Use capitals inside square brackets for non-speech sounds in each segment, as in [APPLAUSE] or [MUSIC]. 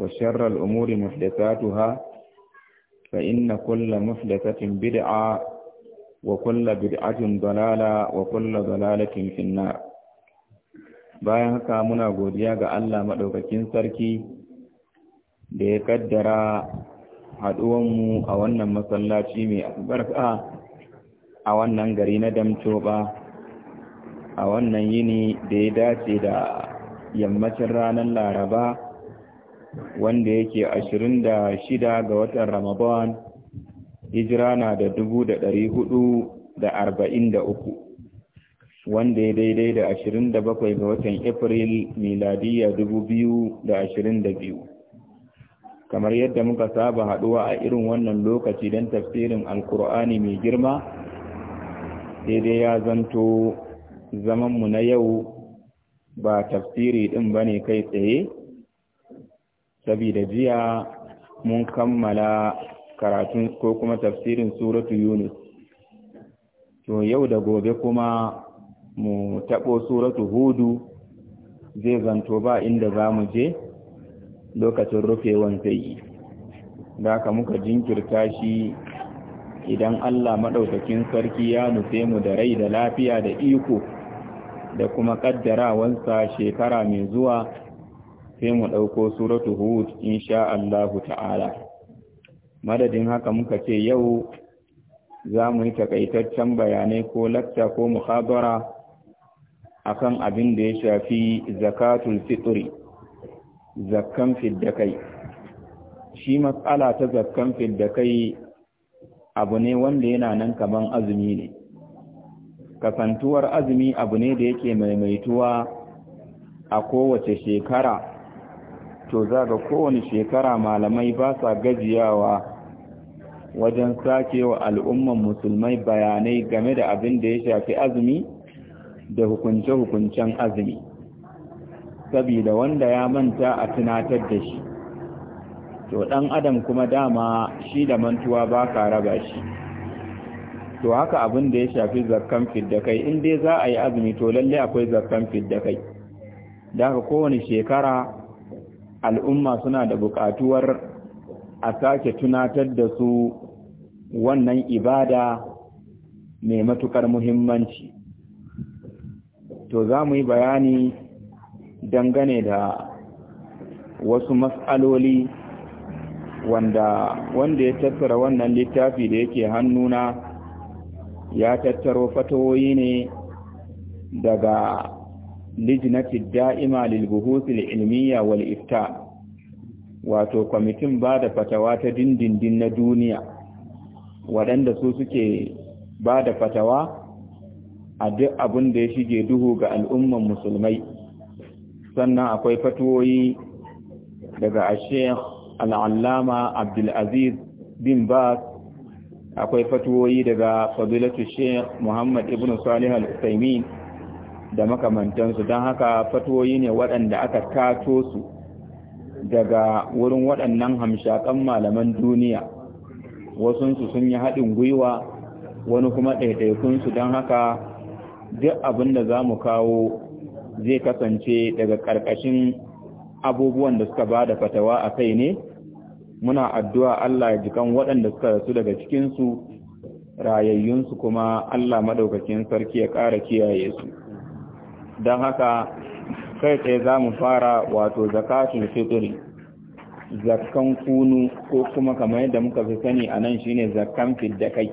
وشر الأمور محدثاتها فإن كل محدثة بدعة وكل بدعة ضلالة وكل ضلالة في النار bayan haka muna godiya ga Allah maɗaukakin sarki da ya kaddara haɗuwanmu a wannan masallaci mai albarka a wannan gari na damcoba a wannan yini da ya dace da yammacin ranar laraba wanda yake ashirin da shida ga watan Ramadan hijira na da dubu da dari hudu da arba'in da uku wanda ya daidai da ashirin da bakwai ga watan April miladiya dubu biyu da ashirin da biyu kamar yadda muka saba haɗuwa a irin wannan lokaci don tafsirin alkur'ani mai girma dai-dai ya zanto zamanmu na yau ba tafsiri ɗin ba ne kai tsaye saboda jiya mun kammala karatun ko kuma tafsirin suratu yunus to yau da gobe kuma mu taɓo suratu hudu zai zanto ba inda za mu je lokacin rufewan zai yi da ka muka jinkirta shi idan allah maɗaukakin sarki ya nufe mu da rai da lafiya da iko da kuma ƙaddarawansa shekara mai zuwa sai mu ɗauko suratu hud insha Allahu ta'ala madadin haka muka ce yau za mu yi takaitaccen bayanai ko lakta ko muhabara akan abin da ya shafi zakatul fitri zakkan fiddakai shi matsala ta zakkan fiddakai abu ne wanda yana nan kaman azumi ne kasantuwar azumi abu ne da yake maimaituwa a kowace shekara to za ga kowane shekara malamai ba sa gajiyawa wajen sake wa al'umman musulmai bayanai game da abin da ya shafi azumi da hukunce-hukuncen azumi sabida wanda ya manta a tunatar da shi to ɗan adam kuma dama shi da mantuwa ba ka raba shi to haka abin da ya shafi zakkan fiddakai in dai za a yi azumi to lalle akwai zakkan fiddakai da haka kowane shekara al'umma suna da buƙatuwar a sake tunatar da su wannan ibada mai matuƙar muhimmanci to za mu yi bayani dangane da wasu matsaloli wanda wanda ya tattara wannan littafi da yake hannuna ya tattaro fatoyi ne daga lijinati da'ima lilbuhuthil ilmiya wal ifta wato kwamitin ba da fatawa ta dindindin na duniya waɗanda su suke ba da fatawa a duk abin da ya shige duhu ga al'umman musulmai sannan akwai fatuwoyi daga ashekh al'allama abdulaziz bin bas akwai fatuwoyi daga fadilatu shekh muhammad ibn salih al-usaimin da makamantansu don haka fatoyi ne waɗanda aka kato su daga wurin waɗannan hamshakan malaman duniya wasunsu sun yi haɗin gwiwa wani kuma ɗaiɗaikunsu don haka duk abin da za mu kawo zai kasance daga ƙarƙashin abubuwan da suka ba da fatawa a kai ne muna addu'a Allah ya jikan waɗanda suka rasu daga cikinsu rayayyunsu kuma Allah maɗaukakin sarki ya ƙara kiyaye su. don haka kai tsaye za mu fara wato zakatun fitri zakkan kunu ko kuma kamar yadda muka fi sani a nan shine zakkan fiddakai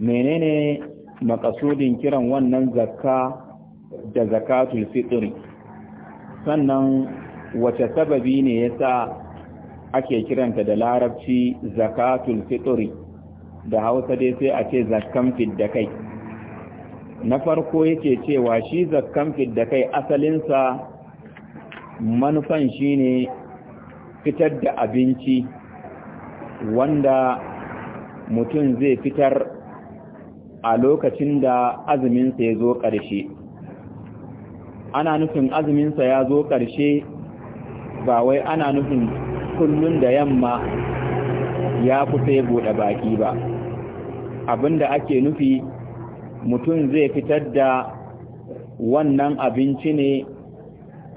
menene makasudin kiran wannan zakka da zakatun fitri sannan wace sababi ne yasa ake kiranta da larabci zakatun fitri da hausa dai sai a ce zakkan fiddakai na farko yake cewa shi zakkan da kai asalinsa manufan shi ne fitar da abinci wanda mutum zai fitar a lokacin da azuminsa ya zo ƙarshe ana nufin azuminsa ya zo ƙarshe ba wai ana nufin kullum da yamma ya kusa ya buɗe baki ba abinda ake nufi mutum zai fitar da wannan abinci ne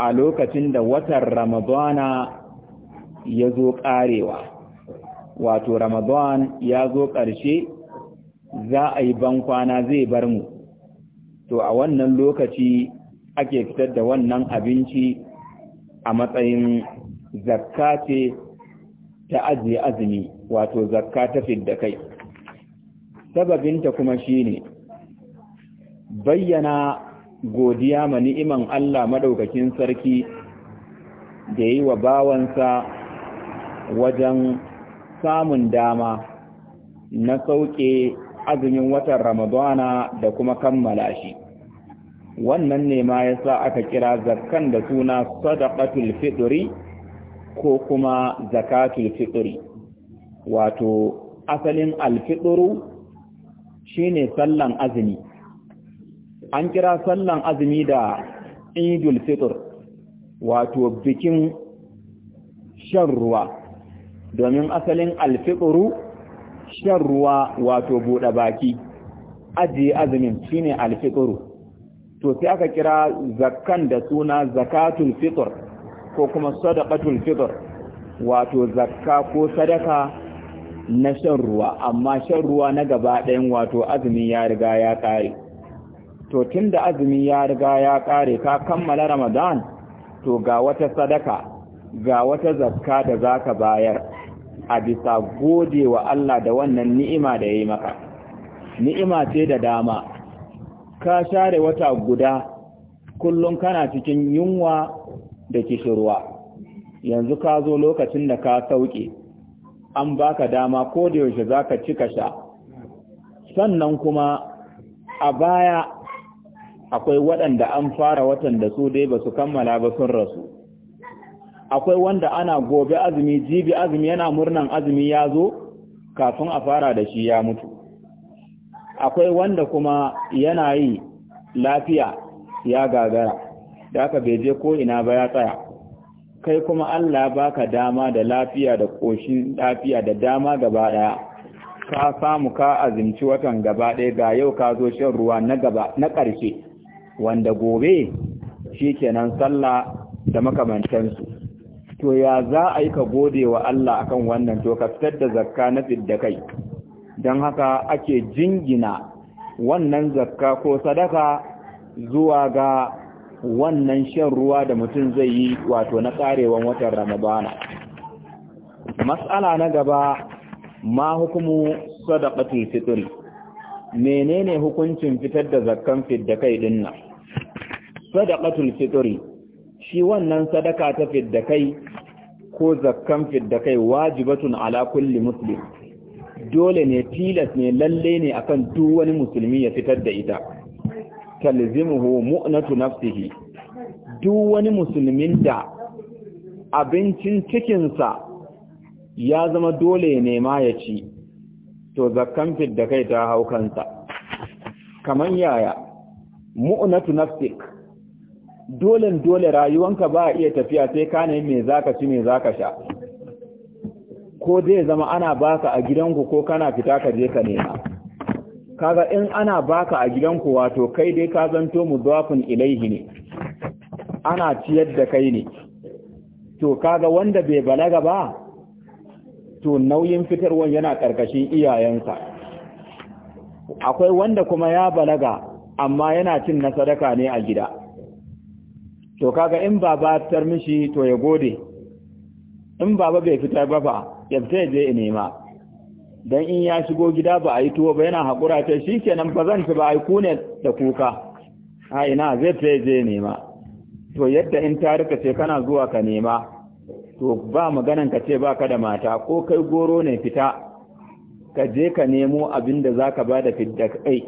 a lokacin da watan ramadana ya zo ƙarewa wato ramadan ya zo ƙarshe za a yi bankwana zai bar mu to a wannan lokaci ake fitar da wannan abinci a matsayin zakka ce ta azumi wato zakka ta fidda kai sababinta kuma shine bayyana godiya ma ni'iman Allah madaukakin sarki da yi wa bawansa wajen samun dama na sauke azumin watan Ramadana da kuma kammala shi. Wannan ne ma ya sa aka kira zakkan da suna sadaqatul fitri ko kuma zakatul fitri. Wato, asalin alfituru shine sallan azumi. an kira sallan azumi da idul fitr wato bikin shan ruwa domin asalin alfitru shan ruwa wato buɗe baki ajiye azumin shine alfitru to sai aka kira zakkan da suna zakatul fitr ko kuma sadaqatul fitr wato zakka ko sadaka na shan ruwa amma shan ruwa na gaba ɗayan wato azumin ya riga ya ƙare to tun da azumi ya riga ya ƙare ka kammala ramadan to ga wata sadaka ga wata zakka da za ka bayar a bisa gode wa Allah da wannan ni'ima da ya yi maka ni'ima ce da dama ka share wata guda kullum kana cikin yunwa da kishirwa yanzu ka zo lokacin da ka sauke an baka dama ko da yaushe za ka cika sha sannan kuma a baya akwai waɗanda an fara watan da su dai ba su kammala ba sun rasu akwai wanda ana gobe azumi jibi azumi yana murnan azumi ya zo kafin a fara da shi ya mutu akwai wanda kuma yana yi lafiya ya gagara da aka beje ko ina ba ya tsaya kai kuma Allah baka dama da lafiya da ƙoshin lafiya da dama gaba ɗaya ka samu ka azumci watan gaba ɗaya ga yau ka zo shan ruwa na gaba na ƙarshe wanda gobe shi kenan sallah da makamantansu to ya za a yi ka gode wa Allah akan wannan to ka fitar da zakka na fidda kai don haka ake jingina wannan zakka ko sadaka zuwa ga wannan shan ruwa da mutum zai yi wato na karewan watan ramadana matsala na gaba ma hukumu sadaqatul fitr menene hukuncin fitar da zakkan fidda kai dinna sadaqatul fitri shi wannan sadaka ta fidda kai ko zakkan fidda kai wajibatun ala kulli muslim dole ne tilas ne lalle ne akan duk wani musulmi ya fitar da ita talzimuhu mu'natu nafsihi duk wani musulmin da abincin cikinsa ya zama dole ne ma ya ci to zakkan da kai ta hau kansa kaman yaya mu'natu nafsik dole dole rayuwanka ba iya tafiya sai ka ne me zaka ci me zaka sha ko zai zama ana baka a gidanku ko kana fita ka je ka nema kaga in ana baka a gidanku wato kai dai ka zanto mu mudafin ilaihi ne ana ciyar da kai ne to kaga wanda bai balaga ba to nauyin fitarwan yana ƙarƙashin iyayensa akwai wanda kuma ya balaga amma yana cin na sadaka ne a gida to kaga in baba tar mishi to ya gode in baba bai fitar ba ba ya fita ya je nema dan in ya shigo gida ba a yi tuwo ba yana haƙura ta shi kenan ba zan ci ba a yi kune da kuka a ina zai fita ya je nema to yadda in ta rika ce kana zuwa ka nema to ba maganan ka ce baka da mata ko kai goro ne fita ka je ka nemo abin da zaka ba da fidda kai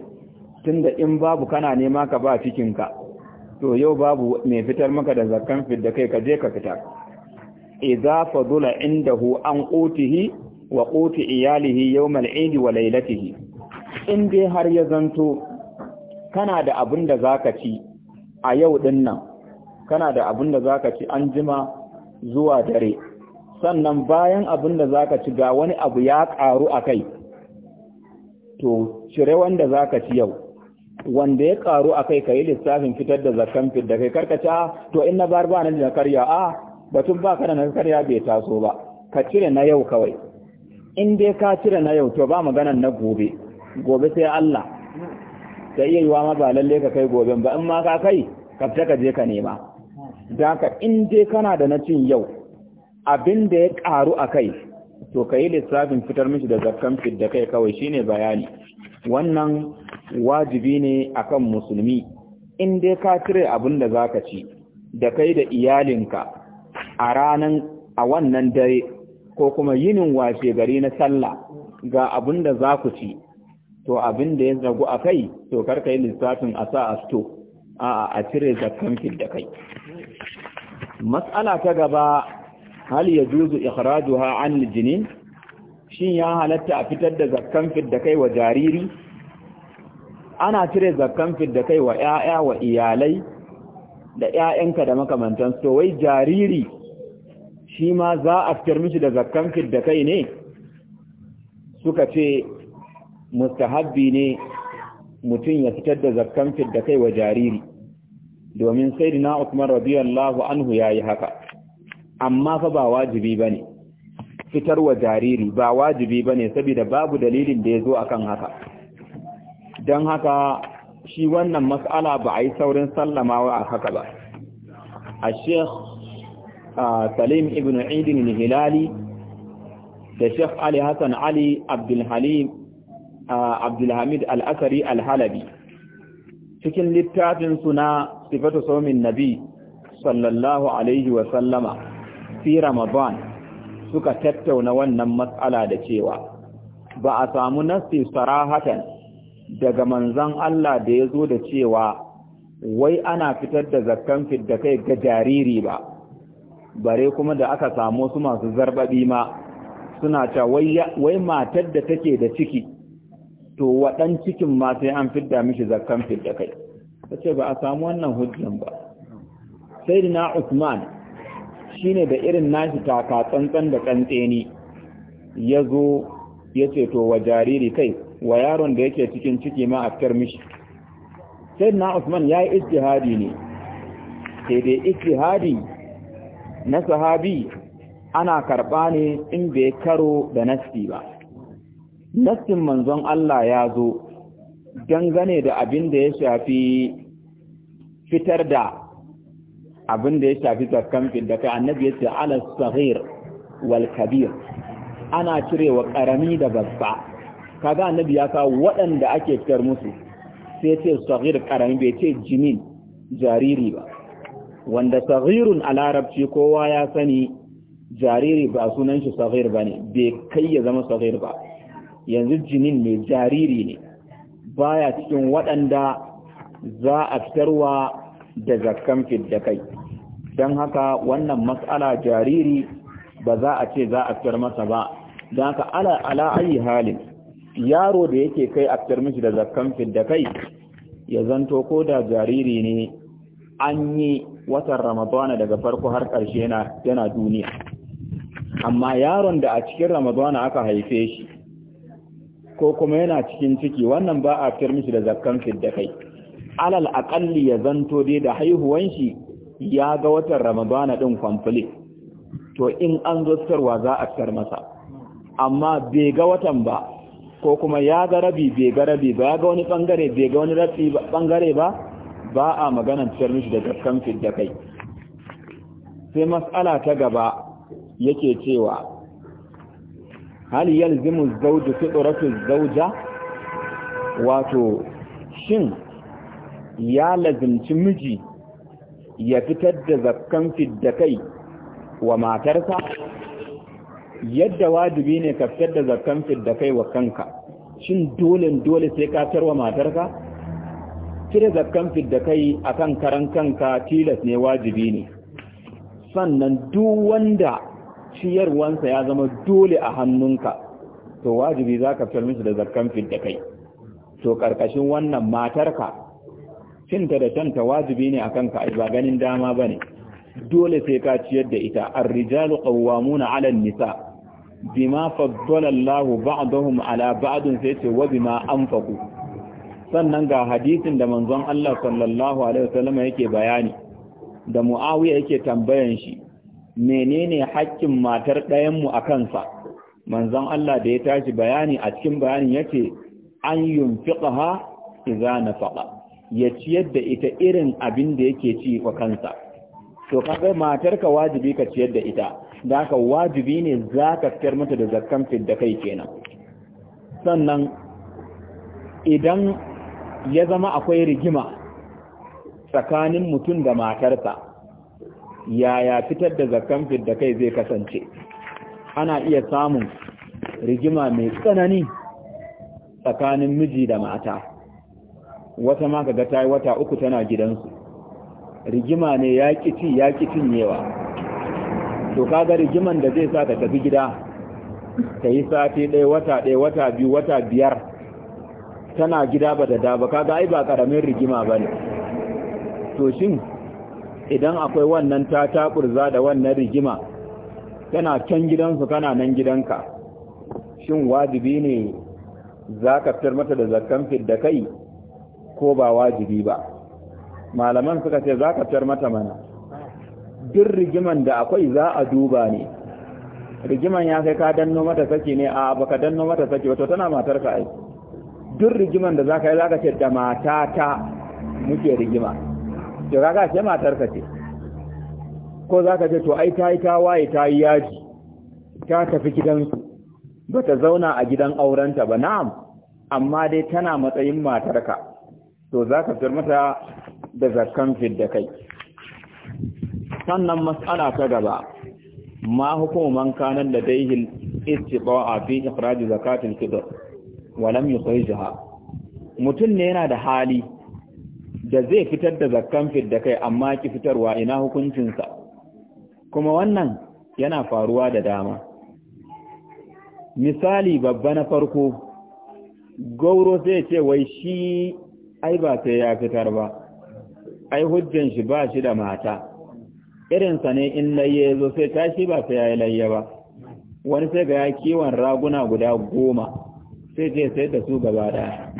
tunda in babu kana nema ka ba cikin ka to yau babu mai fitar maka da zakkan fidda kai ka je ka fita idza fadula indahu an qutihi wa quti iyalihi al eid wa laylatihi in dai har ya zanto kana da abin da zaka ci a yau din kana da abin da zaka ci an jima zuwa dare sannan bayan abin da zaka ci ga wani abu ya karu a kai to cire wanda zaka ci yau wanda ya karu a kai ka lissafin fitar da zakan fit da kai karkaci a ah, to in na bar ba na da karya a batun ba ka da na karya bai taso ba ka cire na yau kawai in dai ka cire na yau to ba maganan na gobe gobe sai Allah ta iya yiwa ma ba lalle ka kai goben ba in ma ka kai ka fita ka je ka nema da ka in je kana da na cin yau abin da ya ƙaru a kai to ka yi lissafin fitar mishi da zakkan fit da kai kawai shine bayani wannan wajibi ne akan musulmi in dai ka cire abin da zaka ci da kai da iyalinka a ranan a wannan dare ko kuma yinin washe gari na sallah ga abin da za ku ci to abin da ya zagu a kai to karka yi lissafin a sa a sto a a cire zakkan fit da kai Matsala ta gaba hal yajuzu ikhrajuha an jinin shin ya halatta a fitar da zakkan fidda kai wa jariri ana cire zakkan fidda kai wa ƴaƴa wa iyalai da 'ya'yanka da makamantan to wai jariri shi ma za a fitar mishi da zakkan fidda kai ne suka ce mustahabbi ne mutum ya fitar da zakkan da kai wa jariri domin sayyidina Uthman radiyallahu anhu yayi haka amma fa ba wajibi bane fitar wa jariri ba wajibi bane saboda babu dalilin da yazo akan haka dan haka shi wannan mas'ala ba ai saurin sallamawa a haka ba a sheikh Salim ibn Idin al-Hilali da Sheikh Ali Hassan Ali Abdul Halim al-asari Al-Halabi cikin littafin suna Sifatu saumin nabi sallallahu alaihi wa sallama, fi ramadan suka tattauna wannan matsala da cewa ba a samu nasi sarahatan daga manzon Allah da ya zo da cewa wai ana fitar da zakkan fidda kai ga jariri ba bare kuma da aka samu su masu zarbabi ma suna ta wai matar da take da ciki to waɗan cikin ma sai an fidda mishi zakkan fidda kai ta ce ba a samu wannan hujjan ba sai na usman shi ne da irin nashi taka tsantsan da tsantseni ya zo ya ce to wa jariri kai wa yaron da yake cikin ciki ma afkar mishi sai na usman ya yi istihadi ne sai dai istihadi na sahabi ana karɓa ne in bai karo da nasti ba nastin manzon Allah ya zo dangane da abin da ya shafi fitar da abin da ya shafi zakkan da kai annabi ya ce ala wal kabir ana cirewa ƙarami da babba kaga annabi ya kawo waɗanda ake fitar musu sai ce sahir karami bai ce jimin jariri ba wanda sahirun a larabci kowa ya sani jariri ba sunan shi sahir ba ne bai kai ya zama sahir ba yanzu jinin ne jariri ne baya cikin waɗanda za a fitarwa da zakkan fidda kai don haka wannan matsala jariri ba za a ce za a fitar masa ba don haka ala ayi halin yaro da yake kai a fitar mishi da zakkan fidda kai ya zanto ko da jariri ne an yi watan ramadana daga farko har ƙarshe yana duniya amma yaron da a cikin ramadana aka haife shi ko kuma yana cikin ciki wannan ba a fitar mishi da zakkan fiddakai alal aƙalli ya zanto dai da haihuwan shi ya ga watan ramadana ɗin kwamfule to in an zo za a fitar masa amma bai ga watan ba ko kuma ya ga rabi bai ga rabi ba ya ga wani bangare bai ga wani rabi bangare ba ba a magana fitar mishi da zakkan fiddakai sai mas'ala ta gaba yake cewa hal yalzimu zawju tudratu zawja wato shin ya lazimci miji ya fitar da zakkan fidda kai wa matarsa yadda wajibi ne ka fitar da zakkan fidda kai wa kanka shin dole dole sai ka tarwa matarka cire zakkan fidda kai akan karan kanka tilas ne wajibi ne sannan duk wanda ciyarwansa ya zama dole a hannunka to wajibi za ka fitar musu da zakkan fidda kai to karkashin wannan matarka cinta da canta wajibi ne kanka. ka ba ganin dama ba ne. dole sai ka ciyar da ita an rijalu qawwamuna 'ala nisa ma faddala Allah ba'dahum 'ala ba'din sai ce wa ma anfaqu sannan ga hadisin da manzon Allah sallallahu alaihi wasallam yake bayani da Muawiya yake tambayan shi menene hakkin matar ɗayanmu a kansa manzon Allah da ya tashi bayani a cikin bayanin yake an yunfiqaha idza nafaqa ya ciyar da ita irin abin da yake ci wa kansa to kaga matarka wajibi ka ciyar da ita da haka wajibi ne za ka fitar mata da zakkan fidda kai kenan sannan idan ya zama akwai rigima tsakanin mutum da matarsa yaya fitar da zakkan fidda kai zai kasance ana iya samun rigima mai tsanani tsakanin miji da mata wata ma kaga ta yi wata uku tana gidansu rigima ne ya kici ya cinyewa to kaga rigiman da zai sa ka tafi gida ta yi sati ɗaya wata ɗaya wata biyu wata biyar tana gida ba da daba kaga ai ba ƙaramin rigima ba ne to shin idan akwai wannan ta taɓurza da wannan rigima tana can gidansu kana nan gidanka shin wajibi ne za ka fitar mata da zakkan fidda kai ko ba wajibi ba malaman suka ce za ka fitar mata mana duk rigiman da akwai za a duba ne rigiman ya kai ka danno mata saki ne a ka danno mata saki wato tana matar ka ai duk rigiman da za ka yi za ka ce da matata muke rigima to kaga ce matar ka ce ko zaka ce to ai ta yi ta waye ta yi yaji ta tafi gidansu bata zauna a gidan aurenta ba na'am amma dai tana matsayin matarka to zaka fitar mata da zakkan fidda kai sannan mas'ala ta gaba ma kanan da kana ladayhi a fi ikhraj zakatun fitr wa lam yukhrijha mutun ne yana da hali da zai fitar da zakkan da kai amma ki fitarwa ina hukuncinsa kuma wannan yana faruwa da dama misali babba na farko gauro zai ce wai shi ai ba sai ya fitar ba ai hujjan shi ba shi da mata irinsa ne in laye zo sai tashi ba sai ya yi laye ba wani sai ga ya kiwon raguna guda goma sai je sai da su gaba ɗaya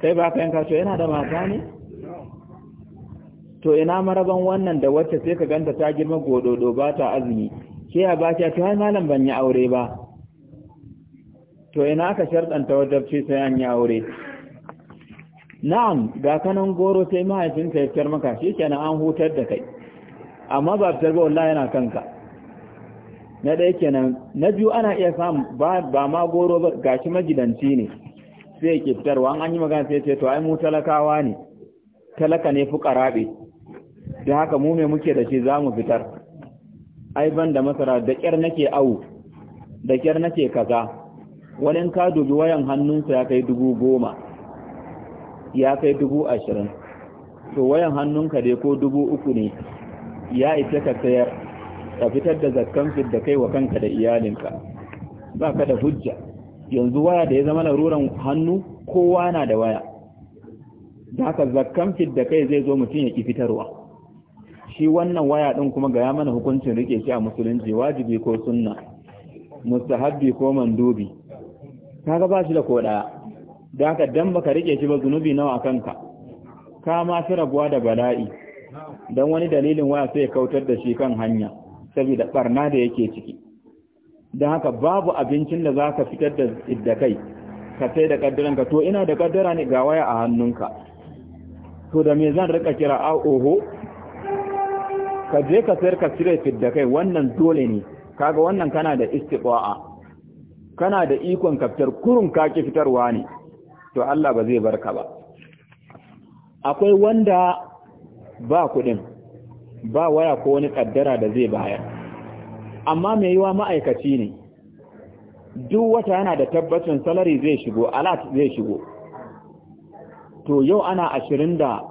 kai ba ka yanka yana da mata ne to ina maraban wannan da wacce sai ka ganta ta girma gododo ba ta azumi ke a ba ta hai malam ban yi aure ba to ina ka sharɗanta wajabci sai an yi aure na'am ga kanan goro sai mahaifinka ya fitar maka shi kenan an hutar da kai amma ba fitar ba wallahi yana kanka na ɗaya kenan na biyu ana iya samu ba ma goro ba gashi magidanci ne sai ke fitarwa an yi magana sai ce to ai mu talakawa ne talaka ne fuka rabe Da haka mu me muke da shi za mu fitar ai ban da masara da kyar nake awu da kyar nake kaza wani ka dubi wayan hannunsa ya kai dubu goma ya kai dubu ashirin to wayan hannunka dai ko dubu uku ne ya ita ka sayar ka fitar da zakkan fit da kai wa kanka da iyalinka ba ka da hujja yanzu waya da ya zama laruran hannu kowa na da waya da haka zakkan fit da kai zai zo mutum ya ki fitarwa shi wannan waya din kuma gaya mana hukuncin rike shi a musulunci wajibi ko sunna mustahabbi ko mandubi kaga ba shi da ko daya da haka dan baka rike shi ba zunubi nawa kanka ka ma fi rabuwa da bala'i dan wani dalilin waya sai ya kautar da shi kan hanya saboda barna da yake ciki dan haka babu abincin da zaka fitar da iddakai ka sai da ka to ina da kaddara ne ga waya a hannunka to da me zan rika kira a oho ka je ka sayar ka cire fidda kai wannan dole ne kaga wannan kana da istiqa'a kana da ikon kaftar kurun kaki fitarwa ne to Allah ba zai barka ba akwai wanda ba kudin ba waya ko wani kaddara da zai bayar amma mai yiwa ma'aikaci ne duk wata yana da tabbacin salari zai shigo alat zai shigo to yau ana ashirin da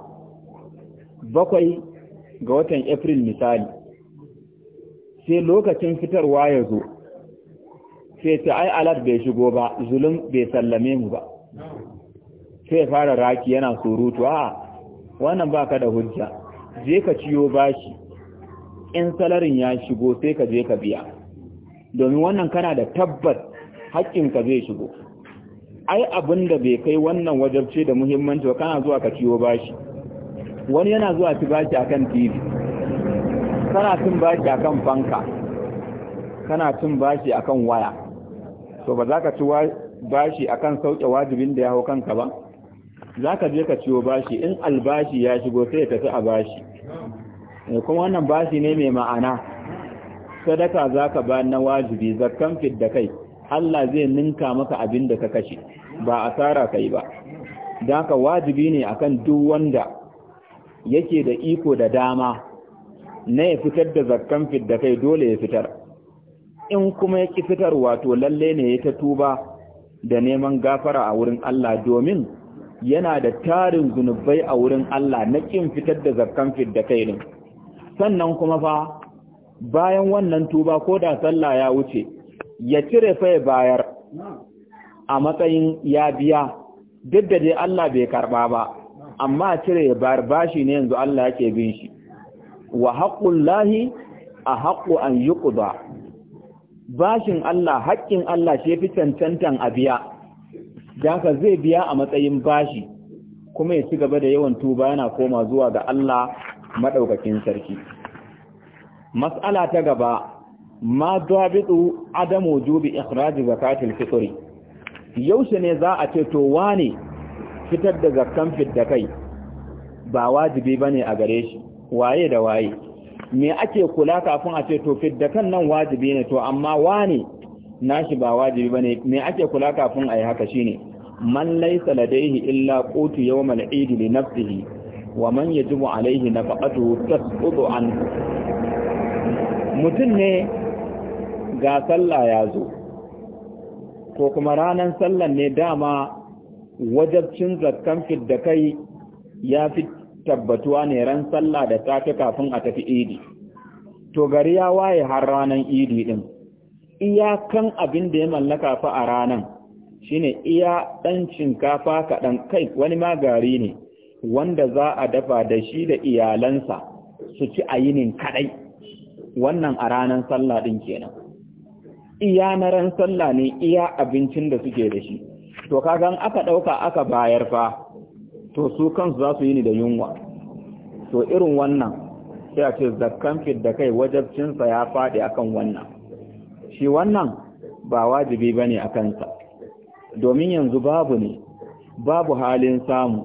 bakwai ga watan April misali, sai lokacin fitarwa ya zo, sai ta ai alat bai shigo ba, zulum bai sallame mu ba. Sai fara raki yana surutu, a wannan baka da hujja, je ka ciyo bashi, in salarin ya shigo sai ka je ka biya, domin wannan kana da tabbat ka zai shigo. Ai abin da bai kai wannan wajabce da muhimmanci ba kana zuwa ka ciyo bashi. wani yana zuwa ci bashi kan tv kana cin bashi kan fanka kana cin bashi kan waya to ba za ka ci bashi kan sauke wajibin da ya hau kanka ba za ka je ka ciwo bashi in albashi ya shigo sai ya tafi a bashi eh, kuma wannan bashi ne mai ma'ana sadaka za ka ba na wajibi zakkan fit da kai Allah zai ninka maka abin da ka kashe ba asara kai ba don ka wajibi ne akan duk wanda yake da iko da dama na ya fitar da zakkan fidda kai dole ya fitar in kuma ya ki fitar wato lalle ne ya ta tuba da neman gafara a wurin Allah domin yana da tarin zunubai a wurin Allah na kin fitar da zakkan fidda kai din sannan kuma fa bayan wannan tuba ko da sallah ya wuce ya cire fa bayar a matsayin ya biya duk da dai Allah bai karba ba amma a cire ya bashi ne yanzu Allah yake bin shi wa haƙƙun lahi a haqqu an yuqda bashin Allah haƙƙin Allah shi yafi cancantan a biya dan ka zai biya a matsayin bashi kuma ya ci gaba da yawan tuba yana koma zuwa ga Allah maɗaukakin sarki mas'ala ta gaba ma dabitu adamu jubi ikhraj zakatil fitri yaushe ne za a ce to wane fitar da zakkan fidda kai ba wajibi bane a gare shi waye da waye me ake kula kafin a ce to fidda kan nan wajibi ne to amma wani nashi ba wajibi bane me ake kula kafin a yi haka shine man laysa ladaihi illa qutu yawmal eid li nafsihi wa man yajibu alayhi nafaqatuhu tasqutu an mutun ne ga sallah ya zo ko kuma ranan sallan ne dama wajabcin zakkan da kai ya fi tabbatuwa ne ran sallah da safe kafin a tafi idi to gari ya waye har ranan idi din iyakan abin da ya mallaka fa a ranan shine iya dan shinkafa kaɗan kai wani ma gari ne wanda za a dafa da shi da iyalansa su ci a yinin kaɗai wannan a ranan sallah din kenan iya na ran sallah ne iya abincin da suke da shi to kagan aka ɗauka aka bayar fa to su kansu za su yi ni da yunwa to irin wannan sai a ce zakkan fit da kai wajabcinsa ya faɗi akan wannan shi wannan ba wajibi ba ne a kansa domin yanzu babu ne babu halin samu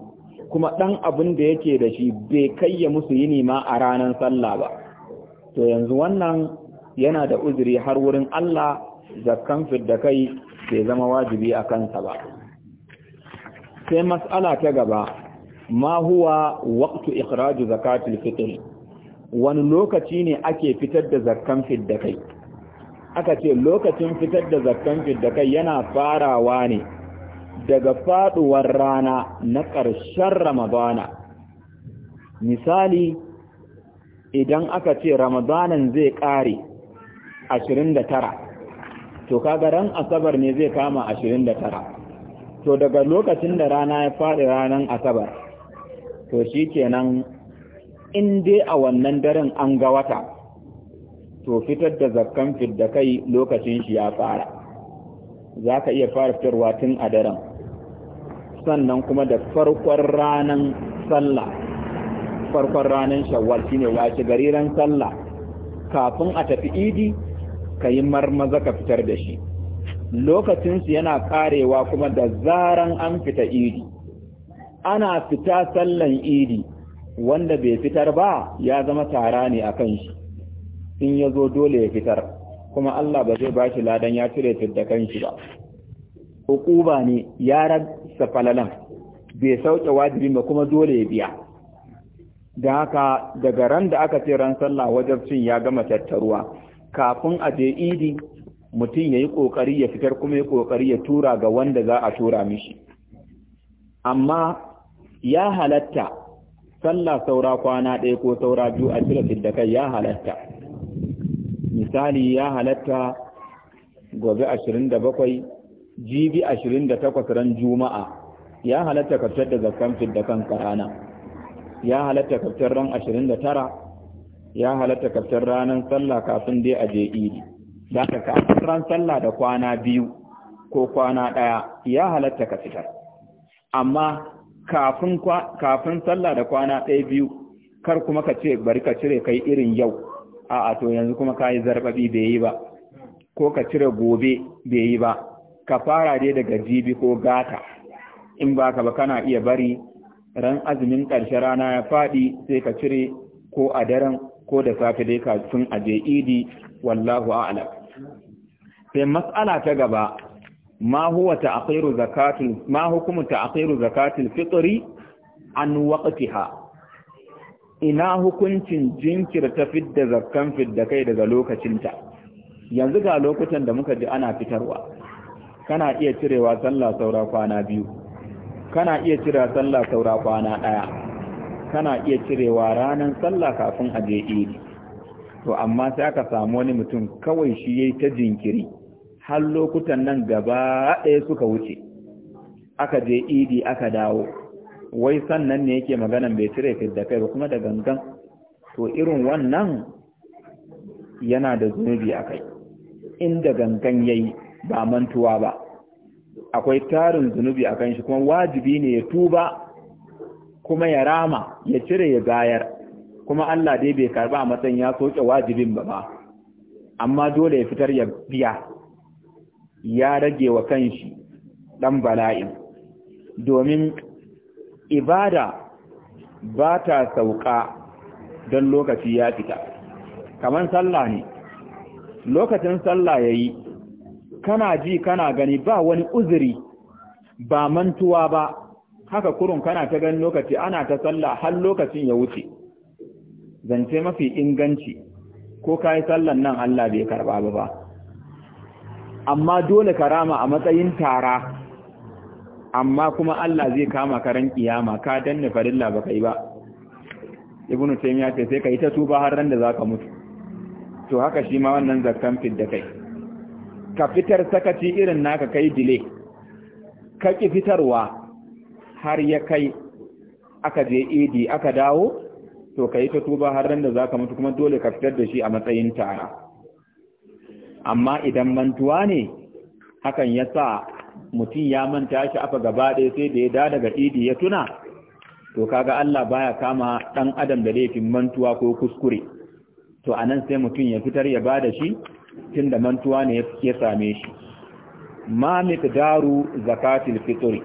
kuma ɗan abin da yake da shi bai kai ya musu yini ma a ranar sallah ba to yanzu wannan yana da uzuri har wurin Allah zakkan fit da kai bai zama wajibi a kansa ba sai mas'ala ta gaba ma huwa waqtu zakatun al fitr wani lokaci ne ake fitar da zakkan fidda kai aka ce lokacin fitar da zakkan fidda kai yana farawa ne daga faduwar rana na ƙarshen ramadana misali idan aka ce ramadanan zai ƙare 29 to kaga ran asabar ne zai kama 29 to daga lokacin da rana ya faɗi ranar asabar to shi kenan in dai a wannan daren an ga wata to fitar da zakkan fidda kai lokacin shi ya fara za ka iya fara fitarwa tun a daren sannan kuma da farkon ranar sallah farkon ranar shawwal shine ya gari sallah kafin a tafi idi ka yi marmaza ka fitar da shi lokacinsu yana karewa kuma da zaran an fita idi ana fita sallan idi wanda bai fitar ba ya zama tara ne a kan shi in ya zo dole ya fitar kuma Allah ba zai ba shi ladan ya cire fidda kan shi ba hukuba ne ya rasa falalan bai sauke wajibi ba kuma dole ya biya da haka daga ran da aka ce ran sallah wajabcin ya gama tattaruwa kafin a je idi mutum ya yi ƙoƙari ya fitar kuma ya ƙoƙari ya tura ga wanda za a tura mishi amma ya halatta sallah saura kwana ɗaya ko saura biyu a cire fiddakai ya halatta misali ya halatta gobe ashirin da bakwai jibi ashirin da takwas ran juma'a ya halatta kaftar da zakkan fiddakan karana ya halatta kaftar ran ashirin da tara ya halatta kaftar ranar sallah kafin dai a je idi za ka kafin ran sallah da kwana biyu ko kwana ɗaya ya halatta ka fitar amma kafin sallah da kwana ɗaya biyu kar kuma ka ce bari ka cire kai irin yau a a to yanzu kuma ka yi zarbabi bai yi ba ko ka cire gobe bai yi ba ka fara dai daga jibi ko gata in ba ka ba kana iya bari ran azumin ƙarshe rana ya faɗi sai ka cire ko a daren ko da safe dai kafin aje idi wallahu a'lam sai mas'ala ta gaba ma huwa ta'khiru zakatul ma hukumu ta'khiru zakatul fitri an waqtiha ina hukuncin jinkirta fidda zakkan fidda kai daga lokacinta yanzu ga lokutan da muka ji ana fitarwa kana iya cirewa sallah saura kwana biyu kana iya cirewa sallah saura kwana daya kana iya cirewa ranan sallah kafin aje idi to amma sai aka samu wani mutum kawai shi yayi ta jinkiri har lokutan nan gaba ɗaya suka wuce aka je idi aka dawo wai sannan ne yake maganan bai cire da kai ba kuma da gangan to irin wannan yana da zunubi a kai inda gangan ya yi ba mantuwa ba akwai tarin zunubi a kan shi kuma wajibi ne ya tuba kuma ya rama ya cire ya bayar kuma Allah dai bai karba a matsayin ya soke wajibin ba ba amma dole ya fitar ya biya ya rage wa kanshi ɗan bala'in domin ibada ba ta sauka don lokaci ya fita kamar sallah ne lokacin sallah ya yi kana ji kana gani ba wani uzuri ba mantuwa ba haka kurun kana ta gani lokaci ana ta sallah har lokacin ya wuce zance mafi inganci ko ka yi sallan nan Allah bai karɓa ba amma dole ka rama a matsayin tara amma kuma Allah zai kama ka ran kiyama ka danna farilla baka yi ba ibnu taymiya ce sai ka yi ta tuba har ran da zaka mutu to haka shi ma wannan zakkan fit da kai ka fitar sakaci irin naka kai dile ka ki fitarwa har ya kai aka je idi aka dawo to ka yi ta tuba har ran da zaka mutu kuma dole ka fitar da shi a matsayin tara amma idan mantuwa ne hakan ya sa mutum ya manta shi aka gaba ɗaya sai da ya da daga idi ya tuna to kaga Allah baya kama ɗan adam da laifin mantuwa ko kuskure to a nan sai mutum ya fitar ya bada shi tun da mantuwa ne ya same shi ma miqdaru zakatil fitr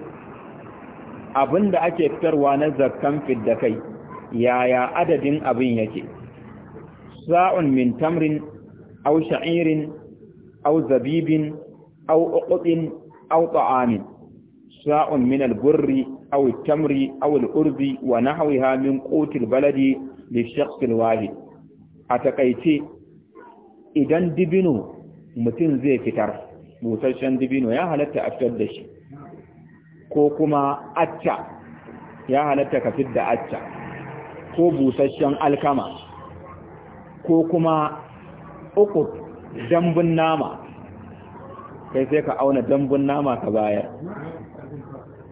abinda ake fitarwa na zakkan fidda kai yaya adadin abin yake sa'un min tamrin aw sha'irin aw zabibin aw uqtin aw ta'amin burri aw tamri aw urzi wa nahwaha min qutil baladi li shakhs a takaice idan dibino mutum zai fitar busasshen dibino ya halatta a fitar da shi ko kuma acca ya halatta ka fitar da acca ko busasshen alkama ko kuma uku dambun nama kai sai ka auna dambun nama ka bayar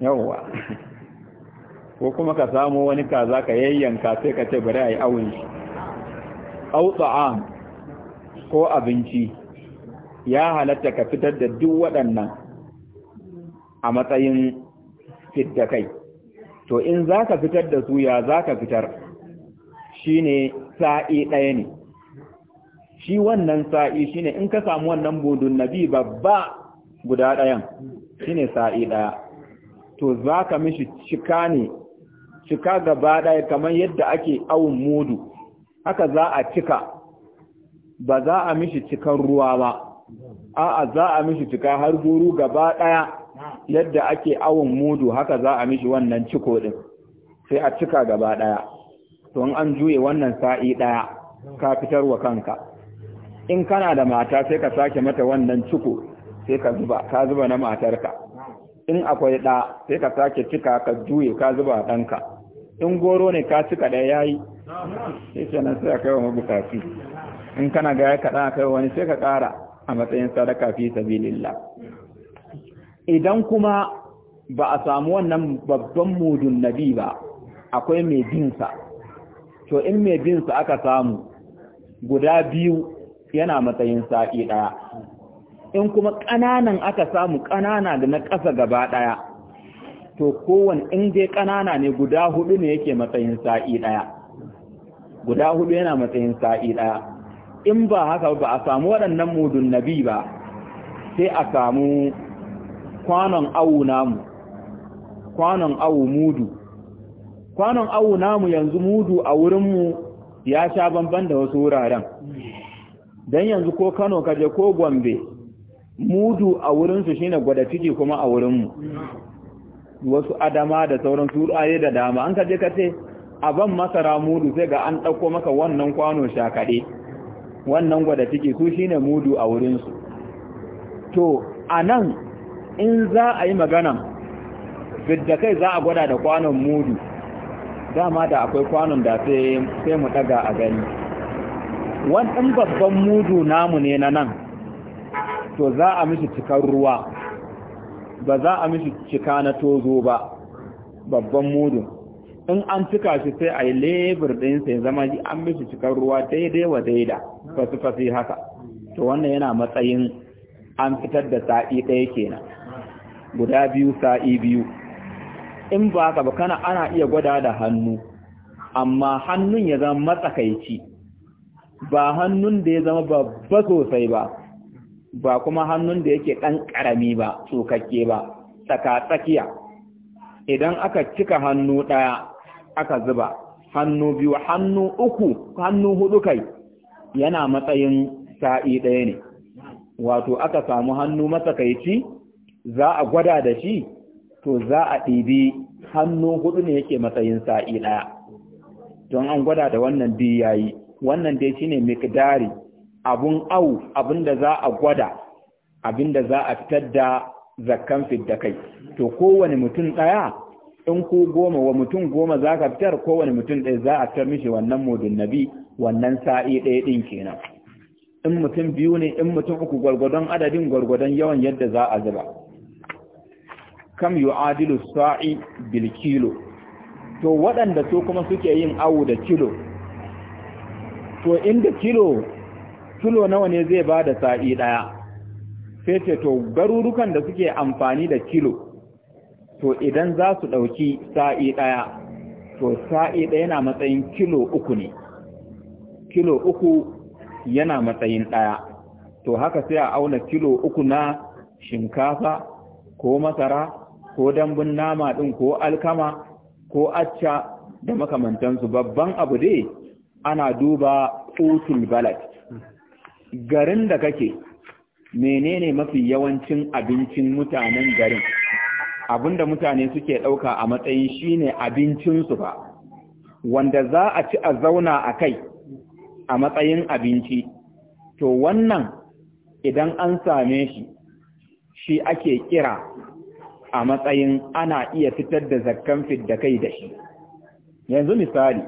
yawwa ko kuma ka samu wani kaza ka yayyanka sai ka ce bari a yi awon shi ko abinci ya halatta ka fitar da duk waɗannan a matsayin fidda kai to in za ka fitar da su ya za ka fitar shi ne sa'i ɗaya ne shi wannan sa'i shine in ka samu wannan budun nabi babba guda ɗayan shine sa'i ɗaya to za ka mishi cika ne cika gaba ɗaya kamar yadda ake awon mudu haka za a cika ba za a mishi cikan ruwa ba a'a za a mishi cika har guru gaba ɗaya yadda ake awon mudu haka za a mishi wannan ciko ɗin sai a cika gaba ɗaya to an juye wannan sa'i ɗaya ka fitar wa kanka in kana da mata sai ka sake mata wannan ciko sai ka zuba ka zuba na matarka in akwai ɗa sai ka sake cika ka juye ka zuba ɗanka in goro ne ka cika da yayi sai ce nan sai ka yi wa mabukaci in kana ga ka da kai wani sai ka ƙara a matsayin sadaka fi sabilillah idan kuma ba a samu wannan babban mudun nabi ba akwai mai binsa to in mai binsa aka samu guda biyu yana matsayin sa'i ɗaya in kuma ƙananan aka samu ƙanana da na ƙasa gaba ɗaya to kowane in dai ƙanana ne guda hudu ne yake matsayin sa'i ɗaya guda hudu yana matsayin sa'i ɗaya in ba haka ba a samu waɗannan mudun nabi ba sai a samu kwanon awu namu kwanon awu mudu kwanon awu namu yanzu mudu a wurin mu ya sha banban da wasu wuraren don yanzu ko kano ka je ko gombe mudu a wurinsu shine gwada ciki kuma a wurinmu wasu adama da sauran suraye da dama an je ka ce a ban masara mudu sai ga an ɗauko maka wannan kwano shakaɗe wannan gwada ciki su shine mudu a wurinsu to a nan in za a yi maganan fidda kai za a gwada da kwanon mudu dama da akwai kwanon da sai mu ɗaga a gani wani babban mudu namu ne na nan to za a mishi cikar ruwa ba za a mishi cika na tozo ba babban mudu in an cika shi sai a yi lebur ɗin, sai zama an mishi cikar ruwa daidai wa daida fasifasi haka to wannan yana matsayin an fitar da sa'i ɗaya kenan guda biyu sa'i biyu in ba ka ba kana ana iya gwada da hannu amma hannun ya zama matsakaici ba hannun da ya zama babba sosai ba ba kuma hannun da yake ɗan ƙarami ba tsokakke ba tsaka tsakiya. idan aka cika hannu ɗaya aka zuba hannu biyu hannu uku hannu hudu kai yana matsayin sa'i ɗaya ne wato aka samu hannu matsakaici za a gwada da shi to za a ɗibi hannu hudu ne yake matsayin sa'i ɗaya don an gwada da wannan biyayi wannan dai shine miqdari abun au abinda za a gwada abinda za a fitar da zakkan fiddakai kai to kowane mutum daya in ku goma wa mutum goma za ka fitar kowane mutum ɗaya za a fitar mishi wannan modun nabi wannan sa'i ɗaya ɗin kenan in mutum biyu ne in mutum uku gwargwadon adadin gwargwadon yawan yadda za a zuba kam yu'adilu sa'i bil kilo to waɗanda su kuma suke yin awu da kilo to inda kilo kilo nawa ne zai ba da sa'i ɗaya sai ce to garurukan da suke amfani da kilo to idan za su ɗauki sa'i ɗaya to sa'i ɗaya na matsayin kilo uku ne kilo uku yana matsayin ɗaya to haka sai a auna kilo uku na shinkafa ko masara ko dambun nama ɗin ko alkama ko acca da makamantansu babban abu dai ana duba utul balad garin da kake menene mafi yawancin abincin mutanen garin abinda mutane suke ɗauka a matsayin shine abincinsu ba wanda za a ci a zauna a kai a matsayin abinci to wannan idan an same shi shi ake kira a matsayin ana iya fitar da zakkan da kai da shi yanzu misali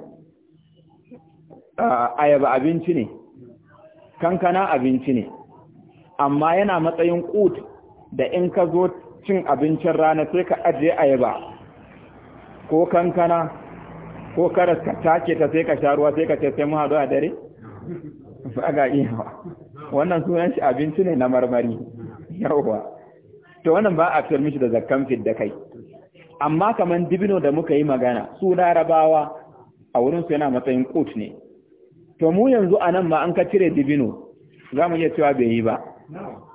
ayaba abinci ne kankana abinci ne amma yana matsayin kut da in ka zo cin abincin rana sai ka ajiye ayaba ko kankana ko karas ka take ta sai ka sha ruwa sai ka ce sai mu haɗu a dare ba iya iyawa wannan sunan shi abinci ne na marmari yawa. to wannan ba a fitar mishi da zakkan fit da kai amma kaman dibino da muka yi magana su larabawa a wurin su yana matsayin kut ne to mu yanzu a nan ma an ka cire dibino za mu iya cewa bai yi ba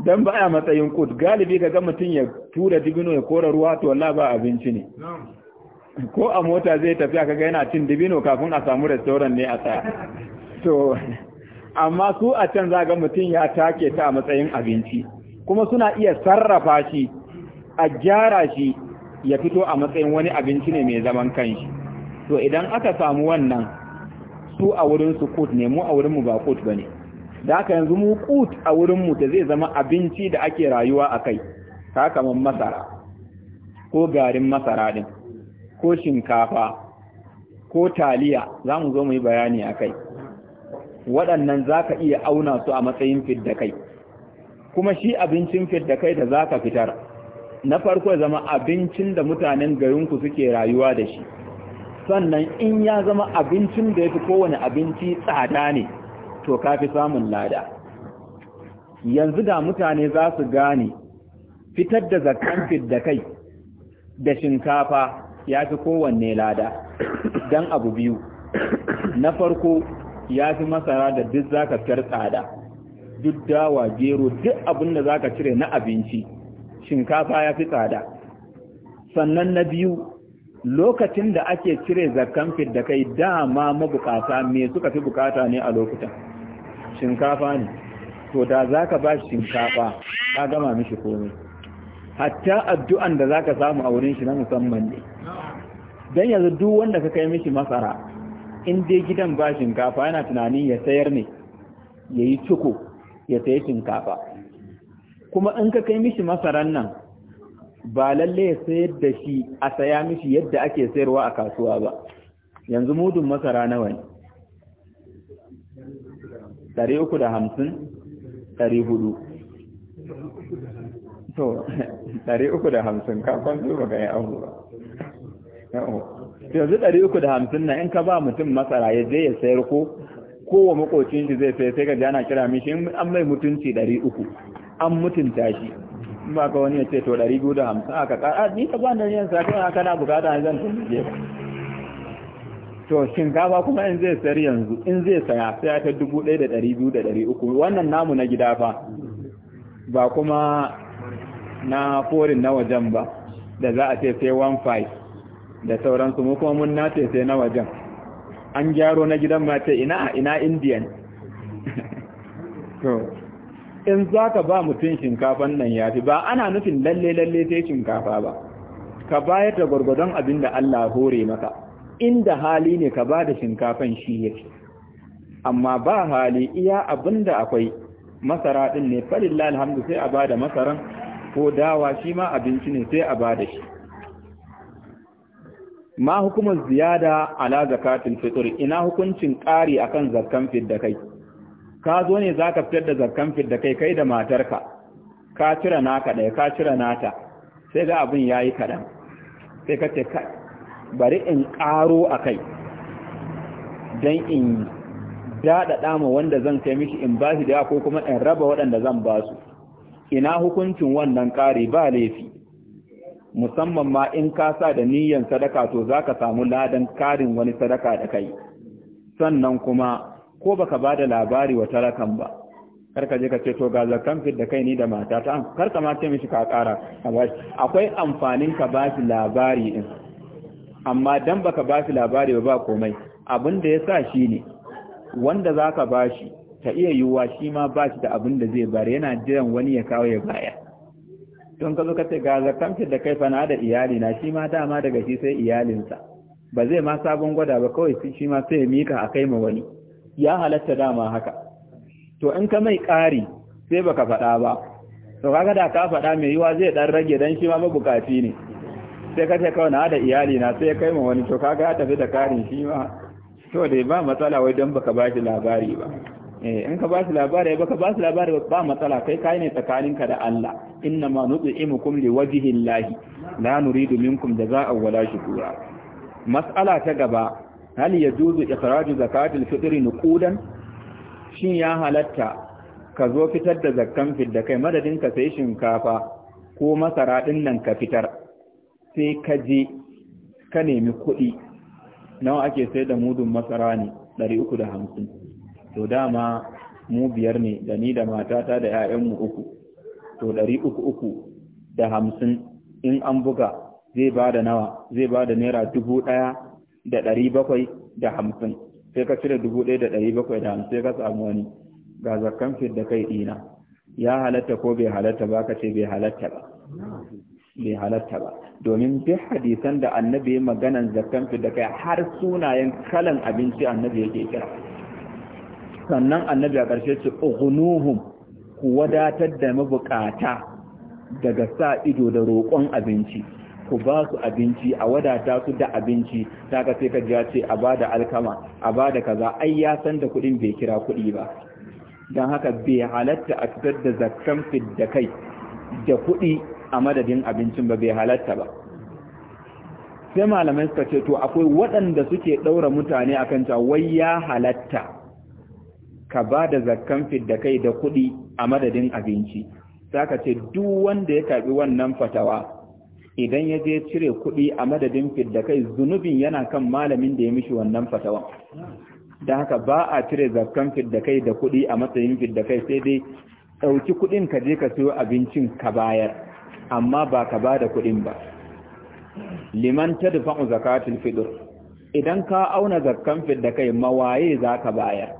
don baya matsayin kut galibi ga mutum ya tura dibino ya kora ruwa to wallah ba abinci ne ko a mota zai tafiya kaga yana cin dibino kafin a samu restaurant ne a tsaya to amma su a can za ga mutum ya take ta a matsayin abinci kuma suna iya sarrafa shi a gyara shi ya fito a matsayin wani abinci ne mai zaman kanshi to idan aka samu wannan su a wurin su kut ne mu a wurin mu ba kut bane da haka yanzu mu kut a wurin mu da zai zama abinci da ake rayuwa akai ka kaman masara ko garin masara din ko shinkafa ko taliya za zo mu yi bayani akai waɗannan zaka iya auna su a matsayin fidda kai kuma shi abincin fidda kai da zaka fitar na farko zama abincin da mutanen garinku suke rayuwa da shi sannan in ya zama abincin da ya fi kowane abinci tsada ne to ka fi samun lada yanzu da mutane za su gane fitar da zakan fidda kai da shinkafa ya fi kowanne lada don abu biyu na farko ya fi masara da duk zaka fiyar tsada duk dawa gero duk abin da zaka cire na abinci shinkafa ya fi tsada sannan na biyu lokacin da ake cire zakkan da kai dama mabukata me suka fi bukata ne a lokutan shinkafa ne to da zaka ba shi shinkafa ka gama mishi komai hatta addu'an da zaka samu a wurin shi na musamman ne dan yanzu duk wanda ka kai mishi masara in dai gidan ba shinkafa yana tunanin ya sayar ne yayi cuko ya sayi shinkafa kuma in ka kai mishi masaran nan ba lalle ya sayar da shi a saya mishi yadda ake sayarwa a kasuwa ba yanzu mudun masara nawa ne ɗari uku da hamsin ɗari hudu to [LAUGHS] ɗari uku da hamsin kakon zuwa ga yawon ba yanzu ɗari uku da hamsin na in ka ba mutum masara ya je ya sayar ko kowa makocin shi zai sai sai ga jana kira mishi an mai mutunci ɗari uku an mutunta shi ba ka wani ya ce to 250 aka ƙara ah, ni ta ban da niyan sakin aka na bukata zan tunje ka to shinkafa kuma in zai sayar yanzu in zai saya sai ta ɗaya da uku wannan namu na gida fa ba kuma na forin na wajen ba da za a ce sai 15 da sauransu mu kuma mun nace sai na wajen an gyaro na gidan ma ce ina ina indian [LAUGHS] to in za ka ba mutum shinkafan nan ya fi ba ana nufin lalle-lalle sai shinkafa ba ka bayar da gwargwadon abin da Allah hore maka inda hali ne ka ba da shinkafan shi ya fi amma ba hali iya abin da akwai masara ɗin ne falilla alhamdu sai a ba da masaran ko dawa shi ma abinci ne sai a ba da shi ma hukumar ziyada ala zakatun fitur ina hukuncin ƙari akan zakkan fidda kai ka zo ne za ka fitar da zarkan da kai kai da matarka ka cire naka ɗaya ka cire nata sai ga abin ya yi kaɗan sai ka ce bari in ƙaro a kai don in daɗaɗa ma wanda zan kai mishi in ba shi da ko kuma in raba waɗanda zan ba su ina hukuncin wannan ƙari ba laifi musamman ma in ka sa da niyyar sadaka to za ka samu ladan ƙarin wani sadaka da kai sannan kuma ko baka ba da labari wa talakan ba karka je ka ce to ga zakan fit da kai ni da mata ta karka ma ce mishi ka kara akwai amfanin ka ba shi labari din amma dan baka ba shi labari ba ba komai abin da yasa shine wanda zaka ba shi ta iya yiwuwa shi ma ba shi da abin da zai bar yana jiran wani ya kawo ya baya don ka zo ka ce ga zakan fit da kai fa na da iyali na shi ma dama daga shi sai iyalinsa ba zai ma sabon gwada ba kawai shi ma sai ya mika a kai ma wani ya halatta dama haka to in ka mai ƙari sai baka faɗa ba to kaga da ka faɗa mai yiwa zai dan rage dan shi ma mabukaci ne sai ka ce kawai na da iyali na sai kai ma wani to kaga ya tafi da ƙarin shi ma to dai ba matsala wai dan baka bashi labari ba eh in ka bashi labari baka bashi labari ba matsala kai kai ne tsakaninka da Allah inna ma wajhi llahi la nuridu minkum jazaa'an wala shukura mas'ala ta gaba Hali ya juzu ikhraju zakatil fitri nuqudan shin ya halatta ka zo fitar da zakkan da kai madadin ka sai shinkafa ko masara din nan ka fitar sai ka je ka nemi kuɗi nawa ake sai da mudun masara ne 350 to dama mu biyar ne da ni da matata da 'ya'yanmu uku to ɗari da hamsin in an buga zai ba nawa zai ba da naira dubu ɗaya da ɗari bakwai da hamsin sai ka cire dubu ɗaya da ɗari bakwai da hamsin sai ka samu wani ga zakkan fit da kai ɗina ya halatta ko bai halatta ba ka ce bai halatta ba bai halatta ba domin duk hadisan da annabi ya maganan zakkan fit da kai har sunayen kalan abinci annabi yake kira sannan annabi a ƙarshe ce ugunuhum ku wadatar da mabukata daga sa ido da roƙon abinci ku ba su abinci a wadata su da abinci ta ka sai ka ji ce a ba da alkama a ba da kaza ai ya san da kuɗin bai kira kuɗi ba don haka bai halatta a fitar da zakkan fit da kai da kuɗi a madadin abincin ba bai halatta ba sai malamai suka ce to akwai waɗanda suke ɗaura mutane akan cewa wai ya halatta ka ba da zakkan fit da kai da kuɗi a madadin abinci ka ce duk wanda ya karɓi wannan fatawa idan ya je cire kuɗi a madadin fidda kai zunubin yana kan malamin da ya mishi wannan fatawan da haka ba a cire zakkan fidda kai da kuɗi a matsayin fidda kai sai dai ɗauki kuɗin ka je ka siyo abincin ka bayar amma ba ka ba da kuɗin ba liman ta da dufa'u zakatul fidur. idan ka auna zakkan fidda kai mawaye za ka bayar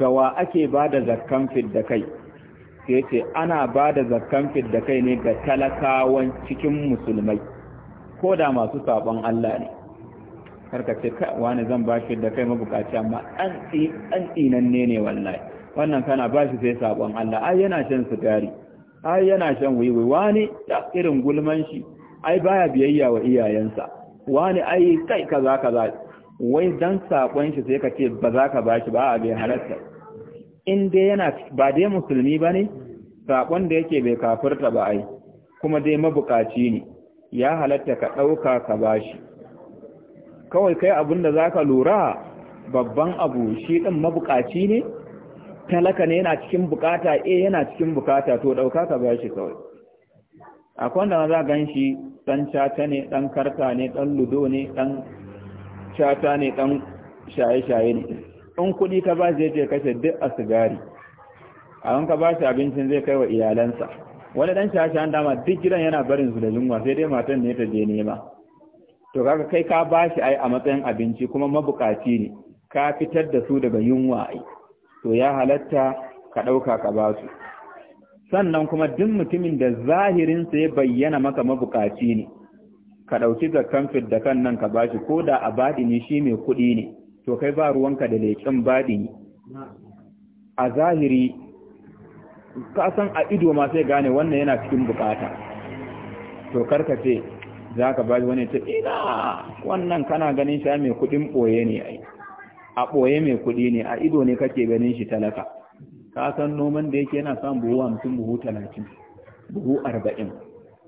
gawa ake ba da zakkan fidda kai sai ce ana ba da zakkan da kai ne ga talakawan cikin musulmai ko da masu sabon Allah ne karkace wani zan ba shi da kai mabukaci amma an nan ne ne, wallahi wannan kana ba shi sai sabon Allah ai yana shan sigari ai yana shan wiwi wani da irin gulman shi ai baya biyayya wa iyayensa wani ai kai kaza kaza wai dan sakon shi sai ka ce ba za ka ba shi ba a bai halarta in dai yana ba dai musulmi bane ne da yake bai kafirta ba ai kuma dai mabukaci ne ya halatta ka ɗauka ka bashi kawai kai abin da za ka lura babban abu shi ɗin mabukaci ne talaka ne yana cikin bukata eh yana cikin bukata to ɗauka ka bashi kawai akwai wanda za gan shi ɗan cata ne ɗan karta ne ɗan ludo ne ɗan cata ne ɗan shaye-shaye ne in kuɗi ka ba zai yake kashe duk a sigari a in ka ba shi abincin zai kai wa iyalansa wani ɗan shashi an dama duk gidan yana barin su da yunwa sai dai matan ne ta je nema to kaga kai ka ba shi ai a matsayin abinci kuma mabukaci ne ka fitar da su daga yunwa ai to ya halatta ka ɗauka ka ba su sannan kuma duk mutumin da zahirinsa ya bayyana maka mabukaci ne ka ɗauki zakkan da kan nan ka bashi ko da a ne shi mai kuɗi ne to kai ba ruwanka da leƙen baɗi a zahiri ka san a ido ma sai gane wannan yana cikin bukata to karkace za ka ba wani ta ina wannan kana ganin shi mai kudin ɓoye ne ai a ɓoye mai kudi ne a ido ne kake ganin shi talaka ka san noman da yake yana son buhu hamsin buhu talatin buhu arba'in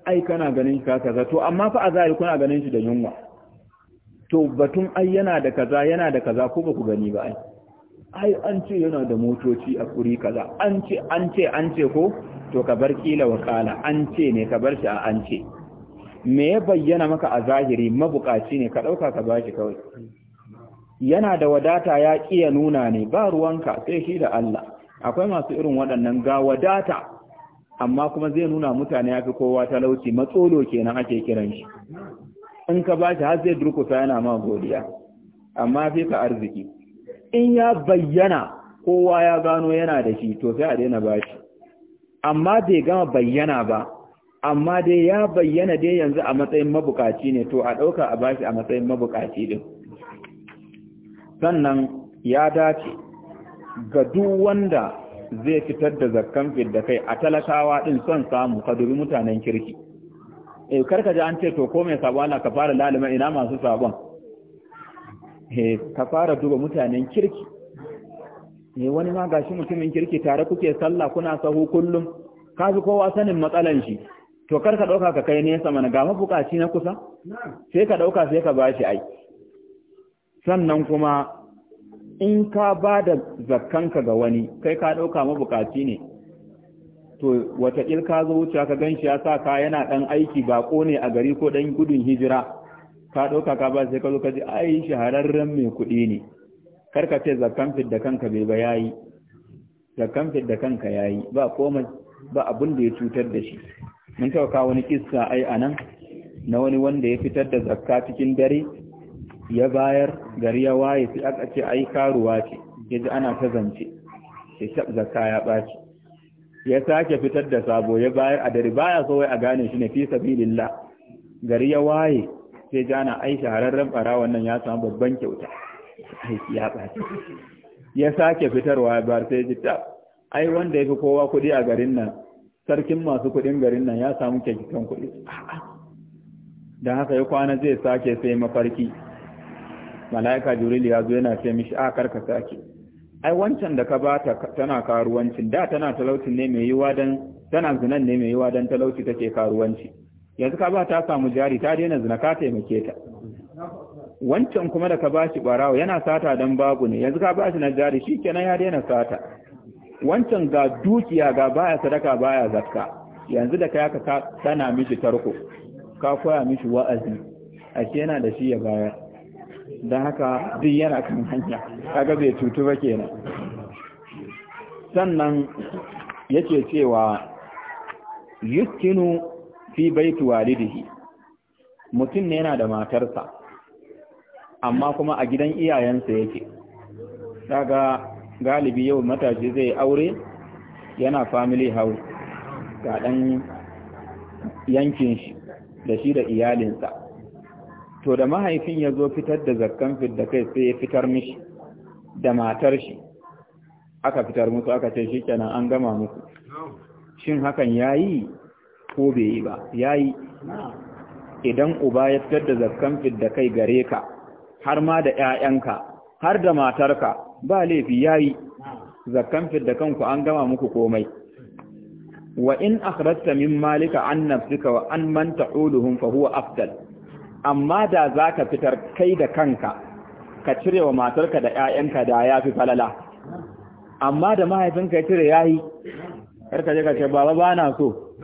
ai kana ganin shi ka kaza to amma fa a zahiri kuna ganin shi da yunwa to batun ai yana da kaza yana da kaza ko ku gani ba ai ai an ce yana da motoci a kuri kaza an ce an ce an ce ko to ka bar kila wakala an ce ne ka bar shi a an ce me ya bayyana maka a zahiri mabukaci ne ka dauka ka bashi kawai yana da wadata ya kiya nuna ne ba ruwanka sai shi da Allah akwai masu irin waɗannan ga wadata amma kuma zai nuna mutane ya fi kowa talauci matsolo kenan ake kiran shi in ka ba shi har sai durkusa yana ma godiya amma fi ka arziki in ya bayyana kowa ya gano yana da shi to sai a daina ba shi amma bai gama bayyana ba amma dai ya bayyana dai yanzu a matsayin mabukaci ne to a ɗauka a bashi a matsayin mabukaci din sannan ya dace ga duk wanda zai fitar da zakkan fidda kai a talakawa din son samu ka dubi mutanen kirki eh karka ji an ce to ko mai sabo Allah ka fara lalima ina masu sabon eh ka fara duba mutanen kirki eh wani ma gashi mutumin kirki tare kuke sallah kuna sahu kullum ka ji kowa sanin matsalan shi to karka dauka ka kai nesa mana ga mabukaci na kusa sai ka dauka sai ka bashi ai sannan kuma in ka bada da zakkanka ga wani kai ka dauka mabukaci ne to wata ka zo wuce ka gan shi ya sa ka yana ɗan aiki ba ne a gari ko dan gudun hijira ka ɗauka ka ba sai ka zo ka ji ai shahararren mai kuɗi ne kar ka ce zakkan fit da kanka bai ba yayi zakkan fit da kanka yayi ba komai ba abun da ya cutar da shi mun ka wani kissa ai anan na wani wanda ya fitar da zakka cikin dare ya bayar gari ya waye sai aka ce ai karuwa ce yaji ana ta zance sai zakka ya ɓaci ya sake fitar da sabo ya bayar a dare baya so wai a gane shi ne fi sabilillah gari ya waye sai jana ai shahararren bara wannan ya samu babban kyauta aiki ya bace ya sake fitarwa bar sai jitta ai wanda yafi kowa kudi a garin nan sarkin masu kudin garin nan ya samu kyakkyawan kudi Da haka ya kwana zai sake sai mafarki mala'ika jibril ya zo yana ce mishi a karka sake ai wancan da ka bata tana karuwanci? da tana talaucin ne mai yiwa dan tana zinan ne mai yiwa dan talauci take karuwanci yanzu ka ba ta samu jari ta daina zina ka taimake ta wancan kuma da ka bashi barawo yana sata dan babu ne yanzu ka bashi na jari shikenan ya daina sata wancan ga dukiya ga baya sadaka baya zakka yanzu da kai ka tana mishi tarko ka koya mishi wa'azi ashe yana da shi ya bayar Da haka duk yana kan hanya kaga zai cutu ba kenan sannan yake cewa yuskinu fi baiti walidihi mutum ne yana da matarsa amma kuma a gidan iyayensa yake daga galibi yau matashi zai aure yana family house ga ɗan yankin shi da shi da iyalinsa to da mahaifin ya zo fitar da zakkan fidda kai sai ya fitar mishi da matar shi aka fitar musu aka ce shi kenan an gama musu shin hakan ya yi ko bai yi ba ya yi idan uba ya fitar da zakkan fidda kai gare ka har ma da 'ya'yanka har da matarka ba laifi ya yi zakkan da kanku an gama muku komai wa in akhrajta min malika an nafsika wa an man ta'uluhum fa huwa afdal amma da za ka fitar kai da kanka ka cire wa matarka da ‘ya'yanka da ya fi falala amma da mahaifinka ya cire ya yi karka ce ka ce baba ba na so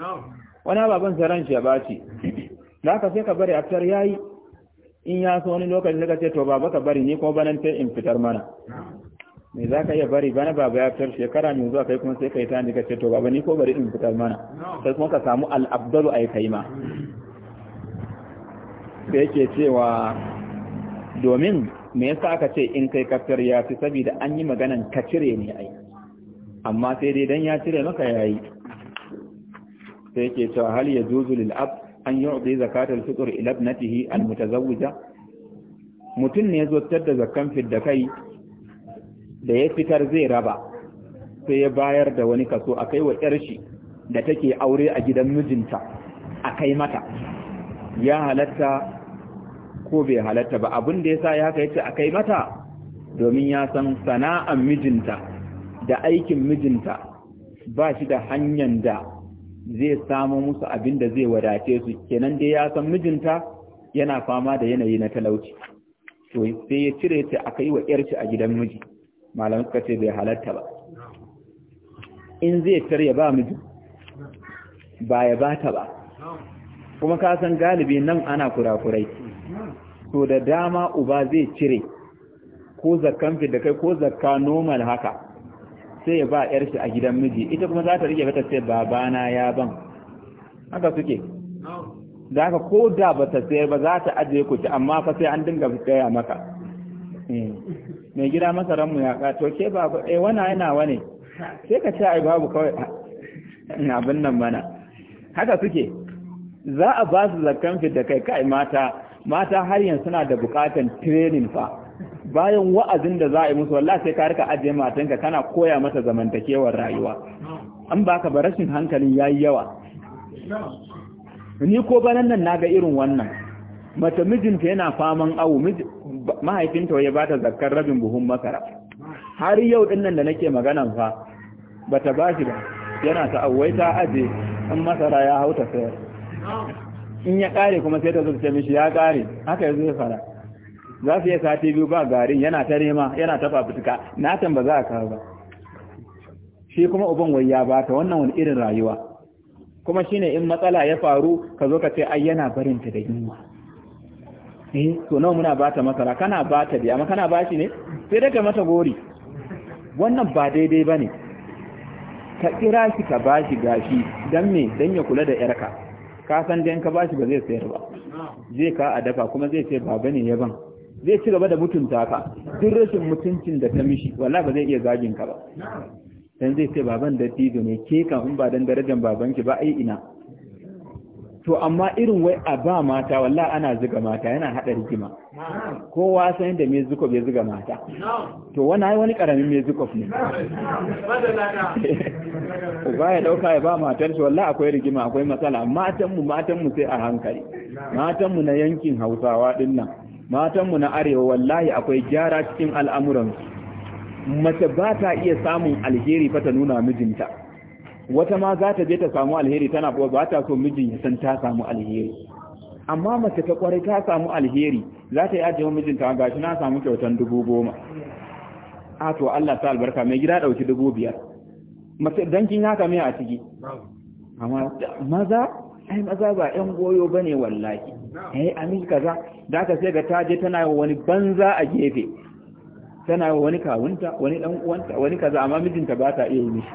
wani baban saran shi ya ce, da ka sai ka bari a fitar ya yi in ya so wani lokacin ka ce to baba ka bari ni kuma banan ta in fitar mana me za ka iya bari bana baba ya fitar shekara mai zuwa kai kuma sai ka yi ta ka ce to baba ni ko bari in fitar mana sai kuma ka samu al'abdalu a yi kai ma da yake cewa domin me yasa aka ce in kai kaftar ya fi saboda an yi maganan ka cire ne ai amma sai dai dan ya cire maka yayi sai yake cewa hal yajuzu lil ab an yu'ti al fitr ila ibnatihi al mutazawwija mutun ne yazo da zakkan fidda kai da ya fitar zai raba sai ya bayar da wani kaso akai wa yar shi da take aure a gidan mijinta akai mata ya halatta ko bai halatta ba abin da ya sa ya haka yace a mata domin ya san sana'an mijinta da aikin mijinta ba shi da hanyar da zai samu musu abin da zai wadace su kenan dai ya san mijinta yana fama da yanayi na talauci to sai ya cire ta aka yi wa ƴarci a gidan miji malam suka ce bai halatta ba in zai tar ya ba miji ba ya bata ba kuma ka san galibi nan ana kurakurai to da dama uba zai cire ko zakkan fi da kai ko zakka normal haka sai ya ba yar shi a gidan miji ita kuma za ta rike mata sai babana ya ban haka suke da haka ko da ba ta sayar ba za ta ajiye ku ci amma fa sai an dinga gaya maka eh. mai gida masaranmu ya ka to ke ba eh wana yana wane sai ka ce ai babu kawai [LAUGHS] abin nan mana haka suke za a ba su zakkan fi da kai kai mata mata har yanzu suna da bukatan training fa bayan wa'azin da za a yi musu wallahi sai ka rika ajiye matanka kana koya mata zamantakewar rayuwa an baka ba rashin hankalin yayi yawa ni ko banan nan naga irin wannan Mata mijinta yana faman awu mahaifinta ba bata zakkar rabin buhun makara har yau din nan da nake maganan fa bata bashi ba yana ta awwai ta aje in masara ya hauta sayar in ya kare kuma sai ta zuce mishi ya kare haka yanzu ya fara za su iya sati biyu ba garin yana ta rema yana ta fafutuka na tan ba za a kawo ba shi kuma uban wai ya bata wannan wani irin rayuwa kuma shine in matsala ya faru ka zo ka ce ai yana barin ta da yunwa eh to nawa muna bata masara kana bata biya amma kana bashi ne sai dai ka mata gori wannan ba daidai bane ka kira shi ka bashi gashi dan me dan ya kula da yarka ka san da in ka bashi ba zai sayar ba zai ka a dafa kuma zai ce baba ne ban zai ci gaba da mutunta ka duk rashin mutuncin da ta mishi wallahi ba zai iya zagin ka ba dan zai ce baban da tijo ne ke kan ba dan darajar babanki ba ai ina to amma irin wai a ba mata wallah ana zuga mata yana hada rigima kowa san yadda me zuko ya zuga mata to wani ai wani karamin me zuko ne [LAUGHS] ba ya dauka ya ba matar shi wallah akwai rigima akwai matsala matan mu matan mu sai a hankali matan mu na yankin Hausawa din nan matan mu na arewa wallahi akwai gyara cikin al'amuran mace ba ta iya samun alheri fa ta nuna mijinta wata ma za ta je ta samu alheri tana kuwa ba ta so mijin ya san ta samu alheri amma mace ta kwarai ta samu alheri za ta yi ajiye mijinta ga shi na samu kyautan dubu goma a to Allah ta albarka mai gida ɗauki dubu biyar mace don kin haka mai a ciki amma maza ai maza ba ƴan goyo ba ne wallahi eh amin kaza da ka sai ga ta je tana yi wani banza a gefe tana yi wani kawunta wani ɗan uwanta wani kaza amma mijinta ba ta iya yi mishi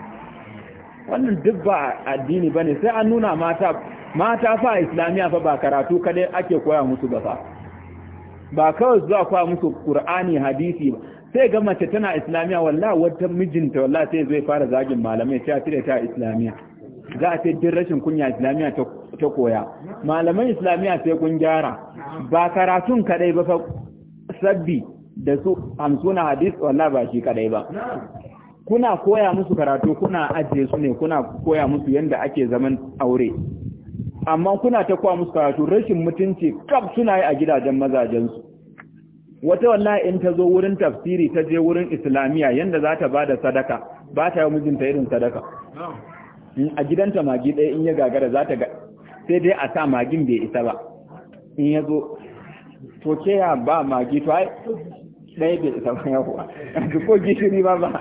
wannan duk ba addini bane sai an nuna mata mata fa islamiya fa ba karatu kadai ake koya musu ba ba kawai zuwa koya musu qur'ani hadisi ba sai ga mace tana islamiya wallahi wata mijinta wallahi sai zai fara zagin malamai ta tire ta islamiya za a sai rashin kunya islamiya ta koya malaman islamiya sai kun gyara ba karatun kadai ba fa sabbi da su amsuna hadis wallahi ba shi kadai ba kuna koya musu karatu kuna ajiye su ne kuna koya musu yadda ake zaman aure amma kuna ta koya musu karatu rashin mutunci kaf suna yi a gidajen mazajensu wata wallahi in ta zo wurin tafsiri ta je wurin islamiyya yadda za ta da sadaka ba ta yi mijinta irin sadaka a gidanta magi ɗaya in ya gagara za ta ga sai dai a sa magin bai isa ba in ya zo to ke ya ba magi to ai ɗaya bai ya kuwa yawa ko gishiri ba ba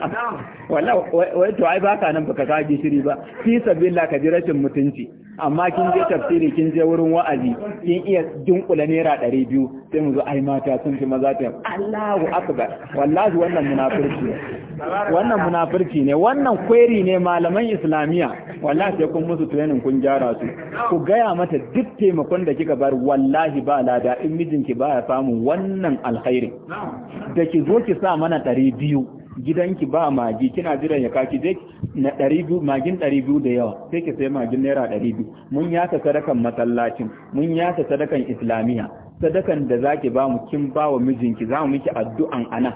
wala wai to ai baka nan baka ka gishiri ba fi sabilla ka ji rashin mutunci amma kin je tafsiri kin je wurin wa'azi kin iya dunkula naira ɗari biyu sai mu zo ai mata sun fi maza ta Allahu akbar wallahi wannan munafurci ne wannan munafurci ne wannan kweri ne malaman islamiya wallahi sai kun musu training kun gyara su ku gaya mata duk taimakon da kika bar wallahi ba lada in mijinki ba ya samu, wannan alkhairi da ki zo ki sa mana ɗari biyu gidanki ba magi kina jiran ya kaki je na 200 magin 200 da yawa sai ki sai magin naira 200 mun yasa sadakan masallacin mun yasa sadakan islamiya sadakan da zaki ba mu kin ba wa mijinki za mu miki addu'an ana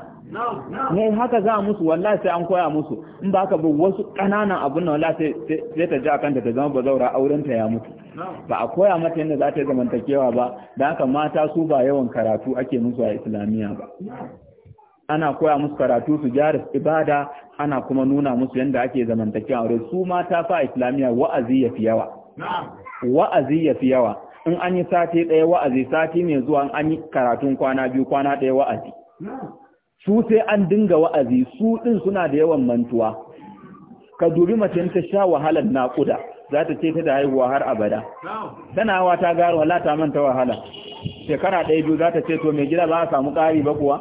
ne haka za musu wallahi sai an koya musu in ba ka bi wasu kananan abun nan wallahi sai ta ji akan ta zama bazaura auren ta ya mutu ba a koya mata yadda za ta yi zamantakewa ba da haka mata su ba yawan karatu ake musu a islamiya ba ana koya musu karatu su gyara ibada ana kuma nuna musu yadda ake zamantakewa aure su mata fa Islamiya wa'azi ya fi yawa wa'azi ya fi yawa in an yi sati ɗaya wa'azi sati mai zuwa an yi karatun kwana biyu kwana ɗaya wa'azi su sai an dinga wa'azi su ɗin suna da yawan mantuwa ka dubi mace ta sha wahalar naƙuda za ta ce ta da haihuwa har abada tana hawa ta gara wala ta manta wahala shekara ɗaya biyu za ta ce to mai gida ba a samu ƙari ba kuwa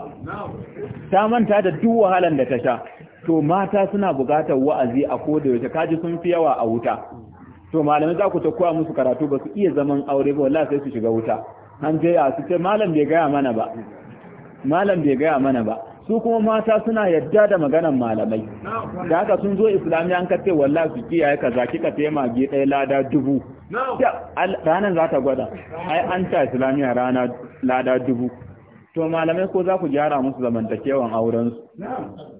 ta manta da duk wahalan da ta sha to mata suna buƙatar wa'azi a koda yaushe kaji sun fi yawa a wuta to malamai za ku ta koya musu karatu ba su iya zaman aure ba wallahi sai su shiga wuta an je a su ce malam bai gaya mana ba malam bai gaya mana ba su kuma mata suna yadda da maganan malamai da haka sun zo islamiyya an kace wallahi su kiyaye kaza kika tema ge ɗaya lada dubu ranar za ta gwada ai an ta islamiyya rana lada dubu to malamai ko za ku gyara musu zamantakewan aurensu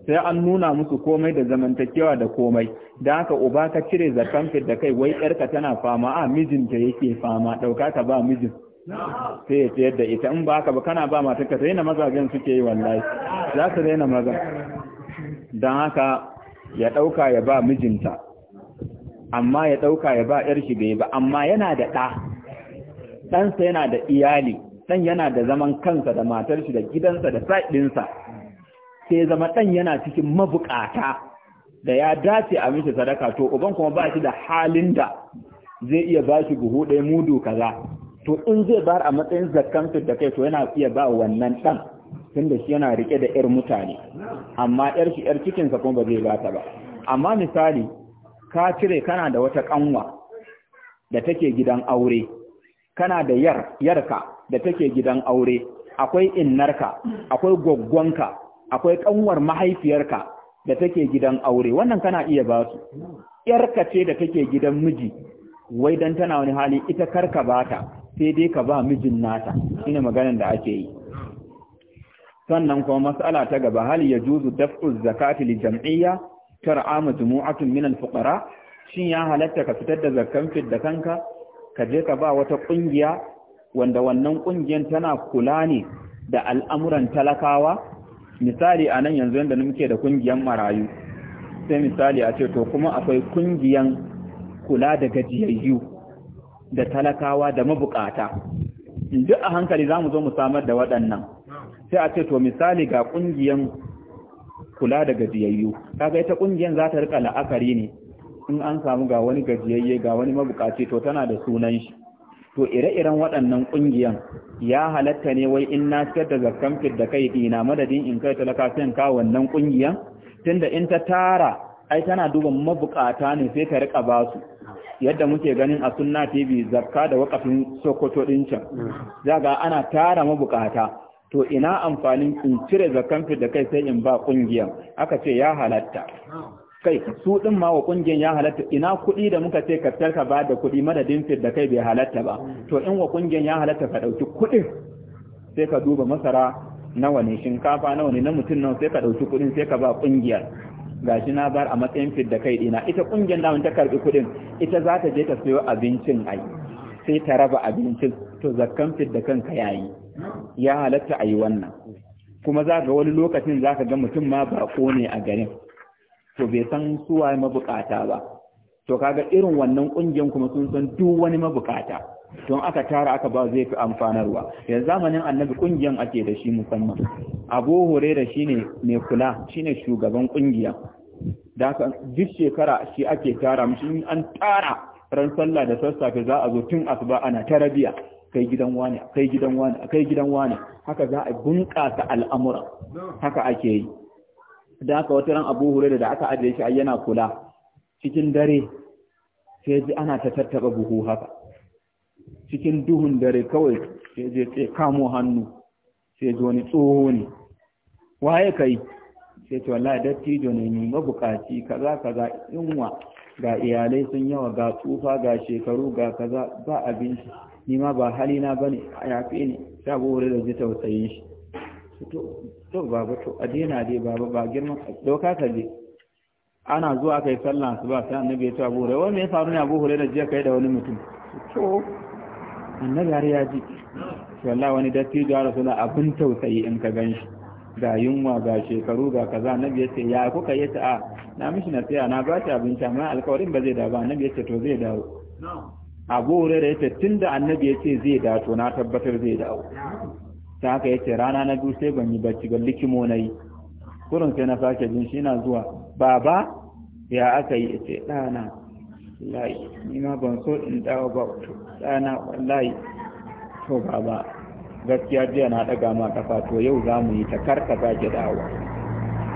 sai an nuna musu komai da zamantakewa da komai da haka uba ka cire fit da kai wai yarka tana fama a mijinta yake fama ɗauka ta ba mijin sai ya tsayar da ita in ba ka ba kana ba matuka sai na mazajen suke yi wallahi za su raina maza don haka ya ɗauka ya ba mijinta amma ya ɗauka ya ba 'yarshi shi bai ba amma yana da ɗa ɗansa yana da iyali ɗan yana da zaman kansa da matar da gidansa da saɗinsa sai zama ɗan yana cikin mabukata da ya dace a mishi sadaka to uban kuma ba shi da halin da zai iya ba shi buhu ɗaya mudu kaza to in zai bar a matsayin zakkan da kai to yana iya ba wannan ɗan tunda shi yana rike da ‘yar mutane amma ‘yar ‘yar cikinsa kuma ba zai ba ta ba amma misali ka cire kana da wata kanwa da take gidan aure kana da yar yarka da take gidan aure akwai innarka akwai goggonka akwai kanwar mahaifiyarka da take gidan aure wannan kana iya ba su yarka ce da take gidan miji wai dan tana wani hali ita karka bata sai dai ka ba mijin nata ina maganar da ake yi sannan kuma mas'ala ta gaba hal yajuzu daf'u zakati li jam'iyya tar'a majmu'atun min al-fuqara shin ya halatta ka fitar da zakkan fidda kanka ka je ka ba wata kungiya wanda wannan kungiyan tana kula ne da al'amuran talakawa misali a yanzu yadda muke da kungiyan marayu sai misali a ce to kuma akwai kungiyan kula da gajiyayyu da talakawa da mabukata duk a hankali zamu zo mu samar da waɗannan sai a ce to misali ga kungiyan kula da gajiyayyu kaga ita kungiyar za ta rika la'akari ne in an samu ga wani gajiyayye ga wani mabukaci to tana da sunan shi to ire-iren waɗannan kungiyan ya halatta ne wai in na cikar da zakkan fidda da kai dina madadin in kai talaka sai ka wannan kungiyan tunda in ta tara ai tana duba mabukata ne sai ta rika basu. yadda muke ganin a sunna tv zakka da wakafin sokoto din can mm. zaga ana tara mabukata to ina amfanin in cire zakan da kai sai in ba kungiyan aka ce ya halatta kai su din ma wa kungiyan ya halatta ina kuɗi da muka ce ka tarka ba da kuɗi madadin fit da kai bai halatta ba to in wa kungiyan ya halatta ka dauki kuɗin sai ka duba masara nawa ne shinkafa nawa ne na mutum nawa sai ka ɗauki kuɗin sai ka ba kungiyar gashi na bar a matsayin fit da kai dina ita kungiyar da ta karbi kuɗin ita za ta je ta sayo abincin ai sai ta raba abincin to zakkan da kanka yayi ya halatta a yi wannan kuma za ga wani lokacin za ka ga mutum ma baƙo ne a garin to bai san suwa mabukata ba to kaga irin wannan ƙungiyar kuma sun san duk wani mabukata don aka tara aka ba zai fi amfanarwa yanzu zamanin annabi ƙungiyar ake da shi musamman abu hore da shi ne mai kula shi ne shugaban kungiya da duk shekara shi ake tara mashi an tara ran sallah da sassafe za a zo tun asuba ana tarabiya kai gidan wani kai gidan wani kai gidan wani haka za a bunƙasa al'amura haka ake yi da aka wata ran abu hure da aka ajiye shi yana kula cikin dare sai ji ana ta tattaba buhu haka cikin duhun dare kawai sai je sai kamo hannu sai ji wani tsoho ne waye kai sai ce wallahi dattijo ne ni mabukaci kaza kaza inwa ga iyalai sun yawa ga tsufa ga shekaru ga kaza ba abinci ni ma ba hali ba ne a yafe ne ta gore da ji tausayin shi to baba to a daina dai baba ba girma. doka ka je ana zuwa kai sallah su ba sai annabi ya ce abu hurairah wai me ya faru ne abu da jiya kai da wani mutum to annabi har ya ji wallahi wani dattijo ya rasu abin tausayi in ka ganshi ga yunwa ga shekaru ga kaza annabi ya ce ya kuka yi ta a na mishi na tsaya na bashi abinci amma alkawarin ba zai dawo ba annabi ya to zai dawo abu hurairah ya ce tunda annabi yace zai dawo to na tabbatar zai dawo ta haka ya rana na biyu sai ban yi bacci ban likimo na yi kurin sai na sake jin shi na zuwa baba ya aka yi yace dana wallahi ni ma ban so in dawo ba ɗana wallahi to baba gaskiya jiya na daga ma kafa to yau za mu yi ta karkata ki dawo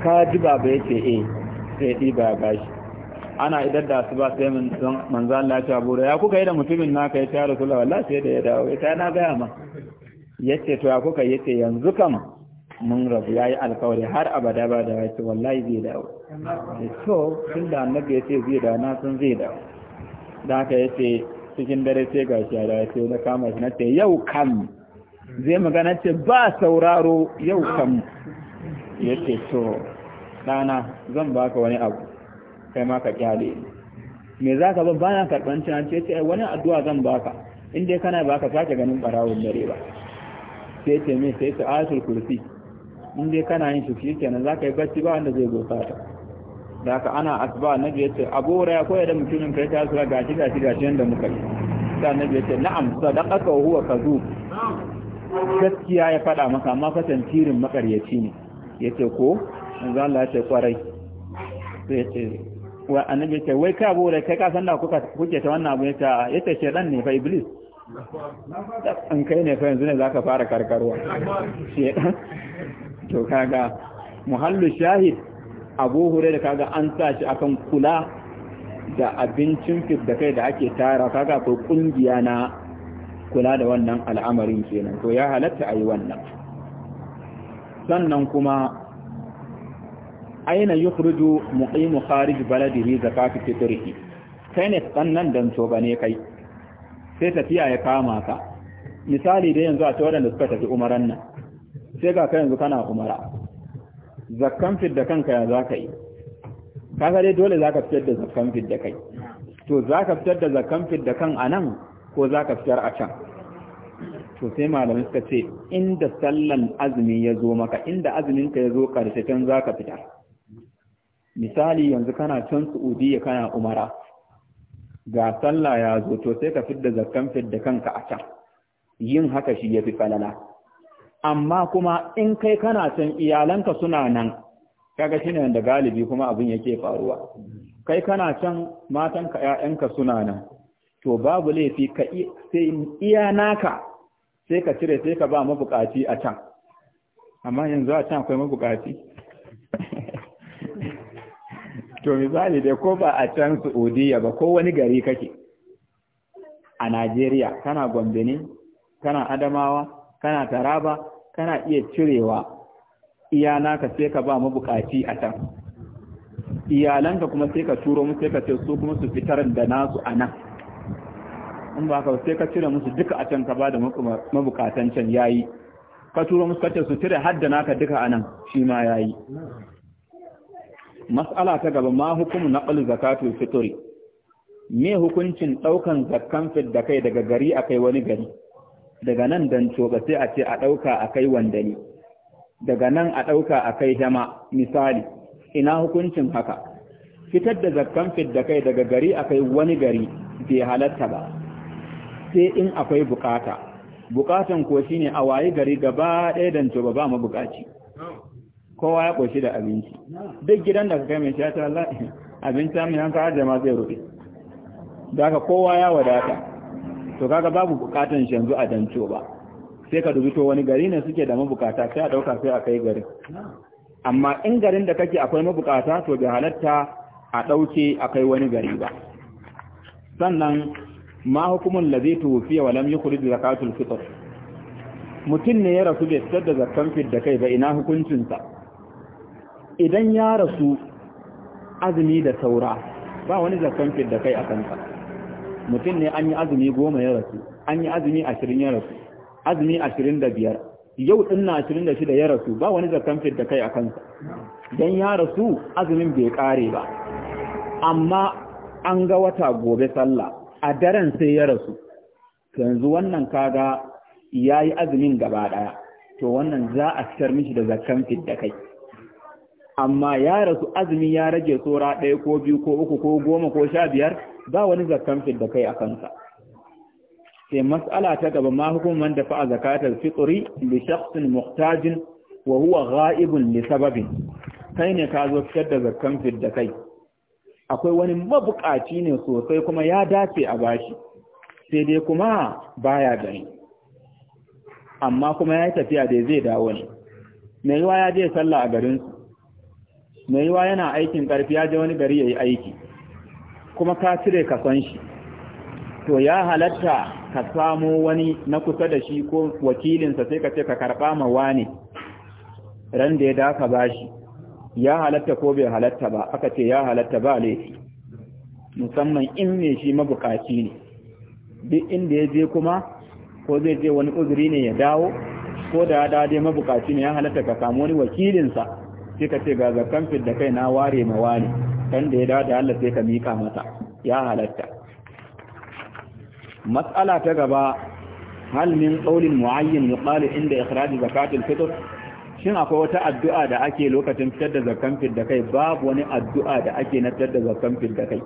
ka ji baba yace ce eh sai ya ba ya gashi ana idan da su ba sai manzo Allah ya ce da ya kuka yi da mutumin naka ya ce ya wallahi sai da ya dawo ya ta na gaya ma yace to ya kuka yace yanzu kam mun rabu yayi alƙawari har abada ba da yace wallahi zai dawo to da annabi yace zai dawo na san zai dawo da ka yace cikin dare sai gashi ya yace na kama shi ce yau kam zai magana ce ba sauraro yau kam yace to ɗana zan baka wani abu kai ma ka kyale me za ka ba bana karɓar cin ya ce wani addu'a zan baka in dai kana baka sake ganin ɓarawun dare ba sai ce me sai ta ayatul kursi in dai kana yin shi kenan za ka yi bacci ba wanda zai gosa ta da ka ana asba na ya ce abu ya koya da mutumin kai ta sura gashi gashi gashi yanda muka yi sai na ya ce na'am sadaqaka huwa kazu gaskiya ya faɗa maka amma fatan tirin makaryaci ne yace ko manzo Allah ya ce kwarai sai ce wa annabi ce wai ka bo kai ka san da kuka kuke ta wannan abu yace ah, yace shedan ne fa iblis in kai ne fa yanzu ne zaka fara karkarwa shedan to kaga muhallu shahid abu hure da kaga an sa shi akan kula da abincin fit da kai da ake tara kaga ko kungiya na kula da wannan al'amarin kenan to ya halatta a wannan sannan kuma aina yukhruju muqimu kharij baladihi zakat fitrihi kai ne sannan dan to bane kai sai tafiya ya kama ka misali dai yanzu a tawadan da suka tafi umaran nan sai ga kai yanzu kana umara zakkan fit da kanka ya zaka yi kaga dai dole zaka fitar da zakkan fit da kai to zaka fitar da zakkan fit da kan anan ko zaka fitar a can to sai malamai suka ce inda sallan azumi ya zo maka inda azumin ka ya zo karshe can zaka fitar misali yanzu kana can ya kana umara ga sallah ya zo to sai ka fidda zakkan fidda kanka a can yin haka shi yafi falala amma kuma in kai kana can iyalanka suna nan kaga shine wanda galibi kuma abin yake faruwa kai kana can matanka ƴaƴanka suna nan to babu laifi ka sai iya naka sai ka cire sai ka ba mabukaci a can amma yanzu a can akwai mabukaci to misali dai ko ba a can Saudiya ba ko wani gari kake a Najeriya kana Gombe ne kana Adamawa kana Taraba kana iya cirewa iya naka sai ka ba mabukaci a can iyalanka kuma sai ka turo musu sai ka ce su kuma su fitar da nasu a nan in ba ka sai ka cire musu duka a can ka ba da mabukatan can yayi ka turo musu ka ce su cire har da naka duka a nan shi ma yayi mas'ala ta gaba ma hukumu naqal zakatu fitri me hukuncin ɗaukan zakkan fit da kai daga gari akai wani gari daga nan dan coba sai a ce a dauka akai wandani daga nan a dauka akai jama misali ina hukuncin haka fitar da zakkan fit da kai daga gari akai wani gari bai halatta ba sai in akwai bukata bukatan ko shine a wayi gari gaba ɗaya dan coba ba mu bukaci kowa ya koshi da abinci duk gidan da ka kai mai shata Allah abinci mai yanka har jama'a zai rufe da ka kowa ya wadata to kaga babu bukatan shanzu a danco ba sai ka dubi wani gari ne suke da mabukata sai a dauka sai a kai garin amma in garin da kake akwai mabukata to bai halatta a dauke a kai wani gari ba sannan ma hukumun Lam tuwfiya walam yukhrij zakatul fitr mutun ne ya rasu bai fitar da zakkan da kai ba ina hukuncinsa idan ya rasu azumi da saura ba wani zakan da kai a kanka mutum ne an yi azumi goma ya rasu an yi azumi ashirin ya rasu azumi ashirin da biyar yau ɗin na ashirin da shida ya rasu ba wani zakan da kai a kansa don ya rasu azumin bai ƙare ba amma an ga wata gobe sallah a daren sai ya rasu yanzu wannan kaga ya yi azumin gaba ɗaya to wannan za a fitar mishi da zakan da kai amma ya rasu azumi ya rage tsora ɗaya ko biyu ko uku ko goma ko sha biyar ba wani zakkan fit da kai a kansa sai mas'ala ta gaba ma hukuman da fa'a zakatar fitsuri li shaksin muhtajin wa huwa ghaibun li sababin kai ne ka zo fitar da zakkan fit da kai akwai wani mabukaci ne sosai kuma ya dace a bashi sai dai kuma baya gani amma kuma ya yi tafiya dai zai dawo ne mai yiwa ya je sallah a garinsu mai yiwa yana aikin ƙarfi ya je wani gari ya yi aiki kuma ka cire ka san shi to ya halatta ka samo wani na kusa da shi ko wakilinsa sai ka ce ka karɓa ma wane ran da ya daka bashi ya halatta ko bai halatta ba aka ce ya halatta ba laifi musamman in ne shi mabukaci ne duk inda ya je kuma ko zai je wani uzuri ne ya dawo ko da ya dawo dai mabukaci ne ya halatta ka samu wani wakilinsa sai ka ce ga zakan fit da kai na ware ma ware kan da ya dawo da Allah sai ka mika mata ya halatta Matsala ta gaba hal min qaulin muayyin yuqalu inda ikhraj zakatul fitr shin akwai wata addu'a da ake lokacin fitar da zakan fit da kai babu wani addu'a da ake na fitar da zakan fit da kai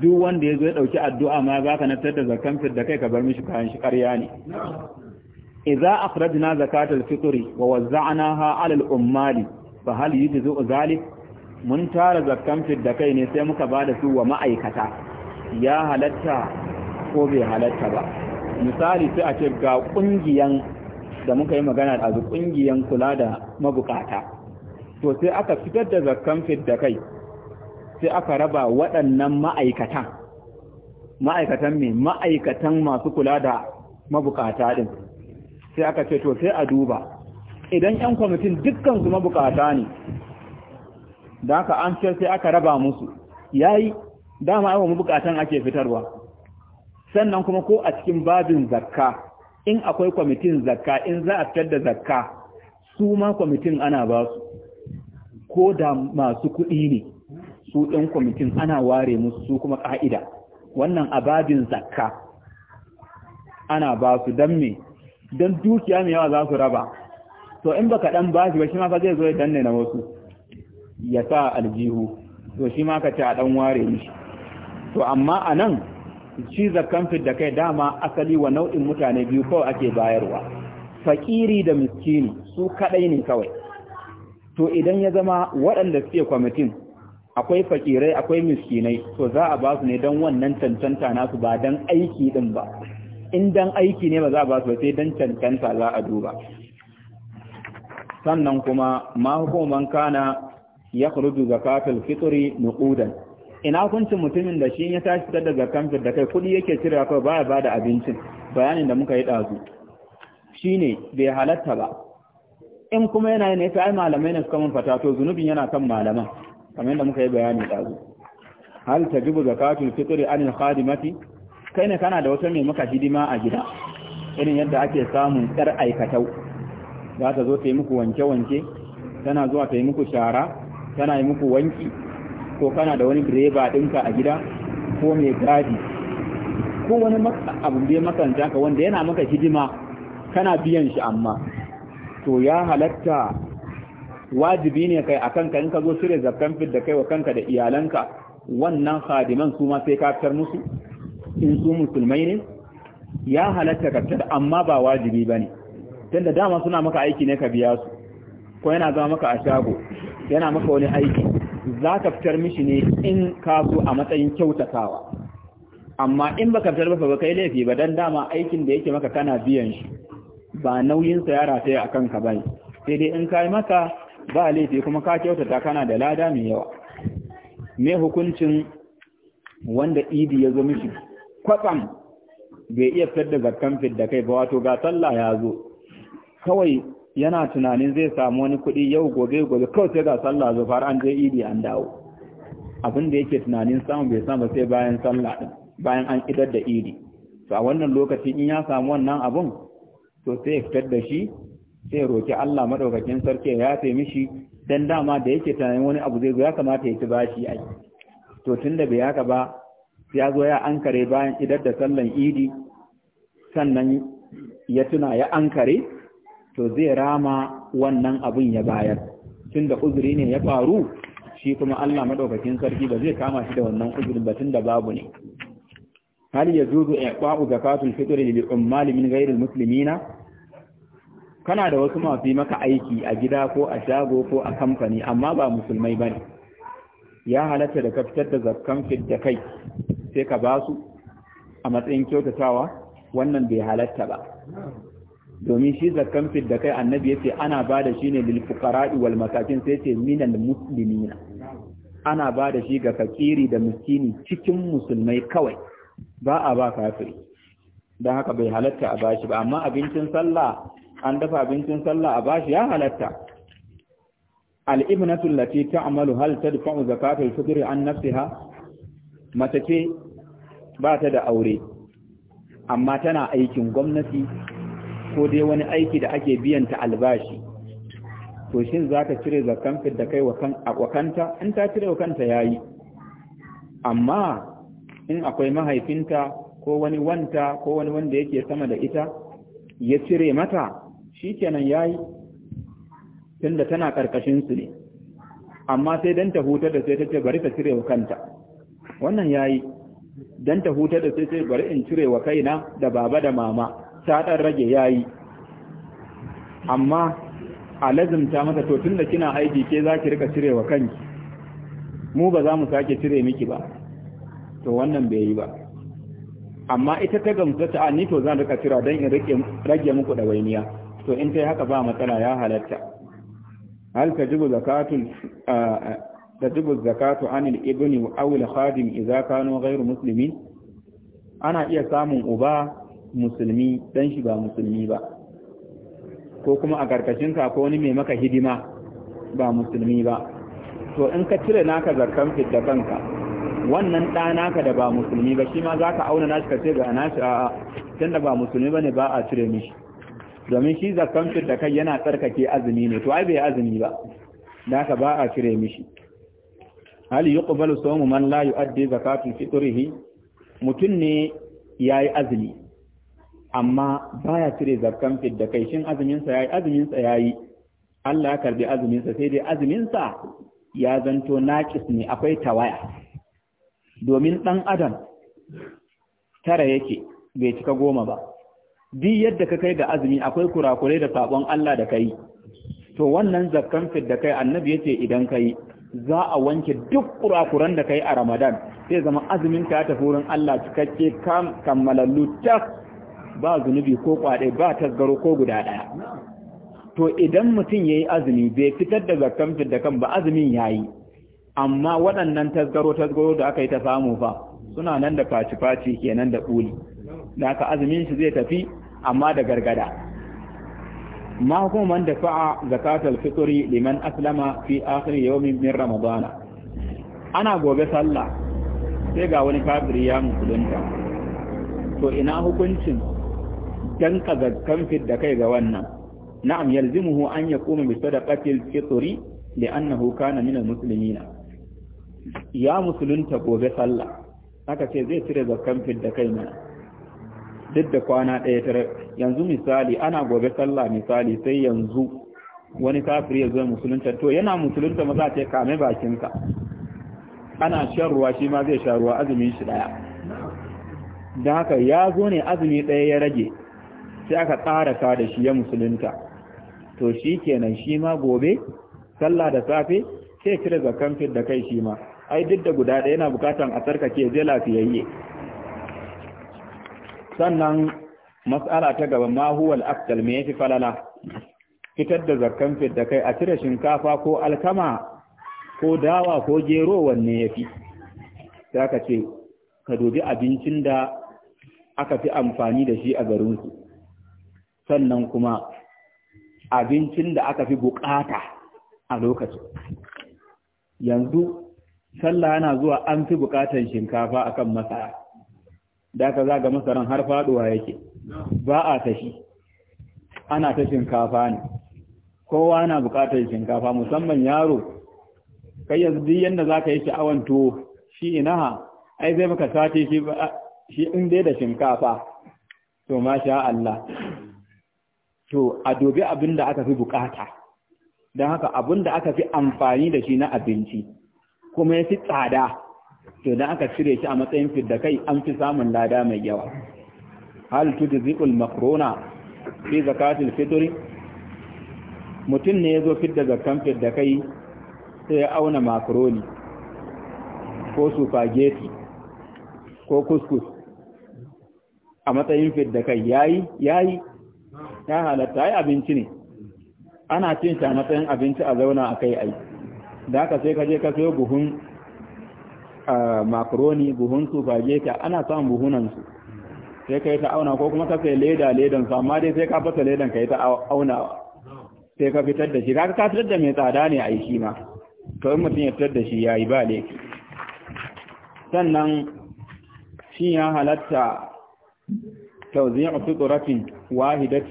duk wanda ya zo ya ɗauki addu'a ma za ka fitar da zakan fit da kai ka bar mishi kayan shi ƙarya ne. Iza akhrajna zakatul fitri wa wazza'naha 'ala al-ummali fa hal yujzu zalik mun tara zakkan fidda kai ne sai muka bada su wa ma'aikata ya halatta ko bai halatta ba misali sai a ce ga kungiyan da muka yi magana da azu kungiyan kula da mabukata to sai aka fitar da zakkan fidda kai sai aka raba waɗannan ma'aikatan ma'aikatan me ma'aikatan masu kula da mabukata din sai aka ce to sai a duba idan 'yan kwamitin dukkan su mabukata ne da aka an ce sai aka raba musu ya yayi dama aiwa mabukatan ake fitarwa sannan kuma ko a cikin babin zakka in akwai kwamitin zakka in za a fitar da zakka su ma kwamitin ana ba su ko da masu kuɗi ne su ɗan kwamitin ana ware musu su kuma ƙa'ida wannan a babin zakka ana ba su don me don dukiya mai yawa za su raba to in baka dan bashi ba shi ma fa zai zo ya danne na wasu ya sa aljihu to shi ma ka ci a dan ware mishi to amma a nan shi zakkan da kai dama asali wa nau'in mutane biyu kawai ake bayarwa fakiri da miskini su kadai ne kawai to idan ya zama waɗanda suke kwamitin akwai fakirai akwai miskinai to za a ba su ne don wannan cancanta nasu ba dan aiki din ba in don aiki ne ba za a ba su ba sai don cancanta za a duba sannan kuma ma hukuman kana ya ga zakatul fitri nuqudan ina hukuncin mutumin da shi ya tashi fitar da zakan da kai kudi yake cirewa kai baya bada abincin bayanin da muka yi dazu shine bai halatta ba in kuma yana ne sai ai malamai ne suka mun fata to zunubin yana kan malaman kamar yadda muka yi bayani dazu hal jibu zakatul fitri anil khadimati kai ne kana da wata mai maka hidima a gida irin yadda ake samun yar aikatau za ta zo ta yi muku wanke-wanke tana zuwa ta yi muku shara tana yi muku wanki ko kana da wani direba ɗinka a gida ko mai gadi ko wani abu da ya makaranta ka wanda yana maka hidima kana biyan shi amma to ya halatta wajibi ne kai akan ka in ka zo shirya zakkan fit da kai wa kanka da iyalanka wannan khadiman su ma sai ka fitar musu in su musulmai ne ya halatta ka amma ba wajibi bane don da dama suna maka aiki ne ka biya su ko yana zama maka a shago yana maka wani aiki za ka fitar mishi ne in ka so a matsayin kyautatawa amma in ba ka fitar ba kai laifi ba don dama aikin da yake maka kana biyan shi ba nauyinsa ya rataya a kanka ba sai dai in yi maka ba laifi kuma ka kyautata kana da lada mai yawa me hukuncin wanda idi ya zo mishi kwatsam bai iya fitar da zakkan fit da kai ba wato ga sallah ya zo kawai yana tunanin zai samu wani kuɗi yau gobe gobe kawai sai ga sallah fara an je idi an dawo abin da yake tunanin samu bai samu sai bayan sallah din bayan an idar da idi to a wannan lokaci in ya samu wannan abun to sai ya fitar da shi sai roki Allah madaukakin sarki ya yafe mishi dan dama da yake tunanin wani abu zai zo ya kamata ya ci bashi ai to tunda bai haka ba ya zo ya ankare bayan idar da sallan idi sannan ya tuna ya ankare to zai rama wannan abin ya bayar tunda uzuri ne ya faru shi kuma Allah madaukakin sarki ba zai kama shi da wannan uzurin ba tunda babu ne hal yajuzu i'qa'u zakatul fitr lil ummal min ghayril muslimina kana da wasu masu yi maka aiki a gida ko a shago ko a kamfani amma ba musulmai bane ya halatta da ka fitar da zakkan da kai sai ka basu a matsayin kyautatawa wannan bai halatta ba domin shi zakkan da kai annabi yace ana bada shi ne lil fuqara'i wal masakin sai ce minal muslimina ana bada shi ga fakiri da miskini cikin musulmai kawai ba a ba kafiri dan haka bai halatta a bashi ba amma abincin sallah an dafa abincin sallah a bashi ya halatta ibnatu lati ta'malu hal tadfa'u al fitr an nafsiha mace ce ba ta da aure amma tana aikin gwamnati ko dai wani aiki da ake biyan ta albashi to shin za ta cire zakan da kai wa kanta in ta cire wa kanta ya yi amma in akwai mahaifinta ko wani wanta ko wani wanda yake sama da ita ya cire mata shi kenan ya yi tunda tana ƙarƙashinsu ne amma sai don ta hutar da sai ta ce bari ta cire wa kanta wannan ya yi don ta hutar da sai ce bari in cire wa kaina da baba da mama ta ɗan rage ya yi amma a lazimta masa to tun da kina aiki ke za ki rika cire wa kanki mu ba za mu sake cire miki ba to wannan bai yi ba amma ita ta gamsu ta ni to zan rika cira don in rage muku ɗawainiya to in ta yi haka ba matsala ya halatta hal ta jibu zakatun تجب الزكاة عن الابن أو الخادم إذا كانوا غير مسلمين أنا إيا musulmi dan shi ba musulmi ba ko kuma a karkashin ka akwai wani mai maka hidima ba musulmi ba to in ka cire naka zarkan da kanka wannan ɗa naka da ba musulmi ba shi ma za ka auna nashi ka ce ga nashi a'a tunda ba musulmi ba ne ba a cire mishi domin shi zakkan da kai yana tsarkake azumi ne to ai bai azumi ba da ba a cire mishi hal yuqbalu sawmu man la yu'addi zakatun fitrihi mutun ne yayi azumi amma baya cire zakkan fit da kai shin azumin sa yayi azumin sa yayi Allah ya karbi azuminsa. sai dai azuminsa ya zanto naqis ne akwai tawaya domin ɗan adam tara yake bai cika goma ba duk yadda ka kai da azumi akwai kurakurai da sabon Allah da kai to wannan zakkan fit da kai annabi ce idan kai za a wanke duk kurakuran da kai a Ramadan sai zama azumin ka ya tafi wurin Allah cikakke kammalallu tas ba zunubi ko kwaɗe ba tasgaro ko guda ɗaya to idan mutum ya yi azumi bai fitar da zakkan da kan ba azumin ya yi amma waɗannan tasgaro tasgaro da aka yi ta samu fa suna nan da faci-faci nan da ɓuli da aka azumin shi zai tafi amma da gargada ما هو من دفع زكاة fitori liman aslama fi آخر يوم min Ramadana. Ana gobe sallah sai ga wani kafiri ya musulunta to ina hukuncin ka ga kamfid da kai ga wannan na'am yalzimuhu an yakuma bi sadaqatil fitri li'annahu kana minal muslimina ya musulunta gobe sallah aka ce zai cire zakkan da kai mana duk da kwana ɗaya tare yanzu misali ana gobe sallah misali sai yanzu wani kafir ya zo musulunta to yana musulunta maza ce ta kame bakinka ana shan ruwa shi ma zai sha ruwa azumin shi daya da haka ya zo ne azumi ɗaya ya rage sai aka tsara ka da shi ya musulunta to shi kenan shi ma gobe sallah da safe sai cire zakan fit da kai shi ma ai duk da guda ɗaya yana bukatan a tsarkake zai lafiyayye sannan mas'ala ta gaba ma huwal afdal me yafi falala fitar da zakkan fit da kai a cire shinkafa ko alkama ko dawa ko gero wanne yafi sai ka ce ka dubi abincin da aka fi amfani da shi a garinku sannan kuma abincin da aka fi bukata a lokacin yanzu sallah yana zuwa an fi bukatan shinkafa akan masara da aka zaga masaran har faduwa yake ba a tashi ana ta shinkafa ne kowa na bukatar shinkafa musamman yaro kai yanzu duk za ka yi sha'awan tuwo shi inaha ai zai maka sace shi shi in dai da shinkafa to masha Allah to a dobe abin da aka fi bukata don haka abin da aka fi amfani da shi na abinci kuma ya fi tsada to don aka cire shi a matsayin fidda kai an fi samun lada mai yawa hal tujzi'ul makrona fi zakatul fitri mutum ne ya zo fidda zakan fidda kai sai ya auna makroni ko supageti ko kuskus a matsayin fidda kai yayi yayi ya halatta ai abinci ne ana cin shi a matsayin abinci a zauna a kai ai da ka sai ka je ka sayo buhun makaroni buhun spaghetti ana samun buhunan su sai ka yi ta auna ko kuma ka sai leda ledan su amma dai sai ka fasa ledan ka yi ta auna sai ka fitar da shi ka ka fitar da mai tsada ne a shi ma to in mutum ya fitar da shi yayi ba laifi sannan shi ya halatta توزيع فطرة واحدة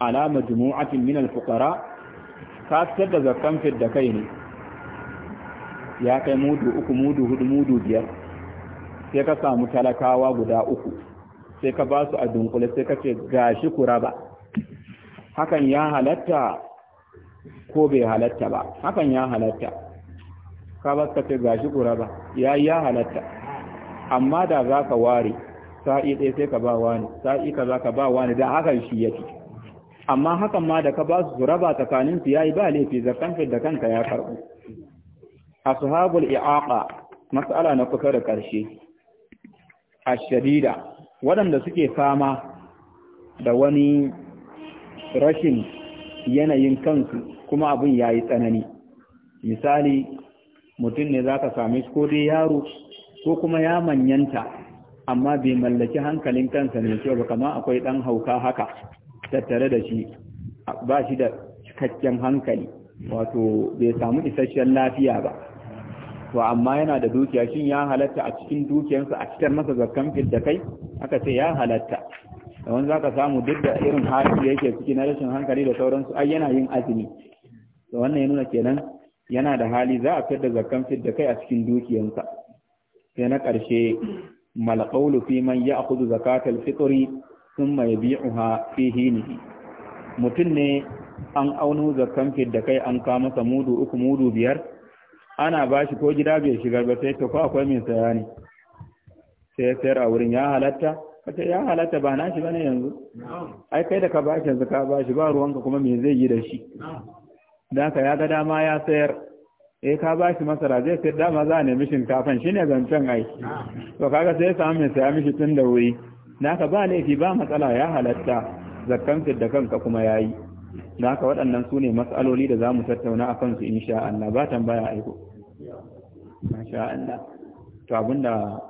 على مجموعة من الفقراء كاسد زكام في الدكين يا كي مودو أكو مودو هدو مودو بيار سيكا سامو تلكا وابدا أكو سيكا باسو أدنقل سيكا غاشي كرابا حقا يا هلتا كوبي هلتا با حقا يا هلتا كابا ka ba ka يا gashi kura ba ya ya halatta sa'i ɗaya sai ka ba wani sa'i za ka ba wani da hakan shi yake amma hakan ma da ka ba su raba tsakanin su yayi ba laifi zakan da kanka ya karbu ashabul i'aqa mas'ala na kusa da karshe A shadida waɗanda suke fama da wani rashin yanayin kansu kuma abin yayi tsanani misali mutum ne zaka same shi ko dai yaro ko kuma ya manyanta amma bai mallaki hankalin kansa ne kyau ba kama akwai ɗan hauka haka tattare da shi ba shi da cikakken hankali wato bai samu isasshen lafiya ba to amma yana da dukiya shin ya halatta a cikin dukiyarsa a cikin masa zakkan da kai aka ce ya halatta da zaka samu duk da irin hali da yake ciki na rashin hankali da sauransu ai yana yin azumi to wannan ya nuna kenan yana da hali za a fitar da zakkan da kai a cikin dukiyarsa sai na karshe. mal qawlu fi man ya'khudhu zakatal fitri thumma yabi'uha fi hinihi mutun ne an auno zakkan da kai an ka masa mudu uku mudu biyar ana bashi ko gida bai shigar ba sai to ko akwai mai saya ne sai sayar a wurin ya halatta kace ya halatta ba na shi bane yanzu ai kai da ka bashi yanzu ka bashi ba ruwanka kuma me zai yi da shi dan ka ya ga dama ya sayar eh ka ba shi masara zai sai dama za a nemi shinkafan shi ne zancen ai to kaga sai ya samu mai saya mishi tun da wuri Na ka ba laifi ba matsala ya halatta zakkan da kanka kuma yayi ka waɗannan su ne matsaloli da za mu tattauna a kansu insha Allah ba tambaya aiko masha Allah to abinda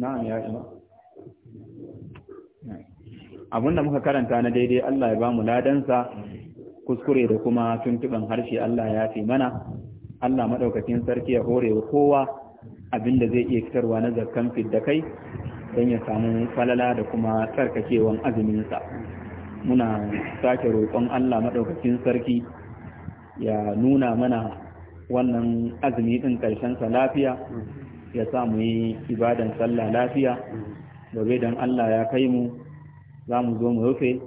na'am ya ima abinda muka karanta na daidai Allah ya ba mu ladansa kuskure da kuma tuntuban harshe Allah ya fi mana Allah maɗaukacin sarki ya hore kowa abinda zai iya fitarwa na zakkan fidda kai don ya samu falala da kuma tsarkakewan azuminsa muna sake roƙon Allah maɗaukacin sarki ya nuna mana wannan azumi din karshen sa lafiya ya sa mu yi ibadan sallah lafiya gobe dan Allah ya kai mu za mu zo mu rufe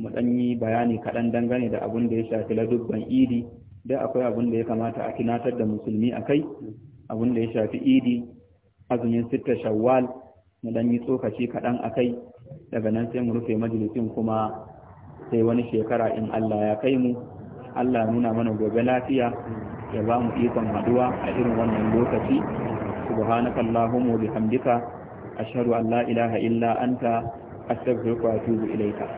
mu ɗan yi bayani kaɗan dangane da abin da ya shafi ladubban idi da akwai abin da ya kamata a tunatar da musulmi a kai abin da ya shafi idi azumin sitta shawwal na dan yi tsokaci kaɗan a kai daga nan sai mu rufe majalisin kuma sai wani shekara in Allah ya kai mu Allah nuna mana gobe lafiya ya ba mu ikon haduwa a irin wannan lokaci subhanaka allahumma bihamdika ashhadu an la ilaha illa anta astaghfiruka wa atubu ilayka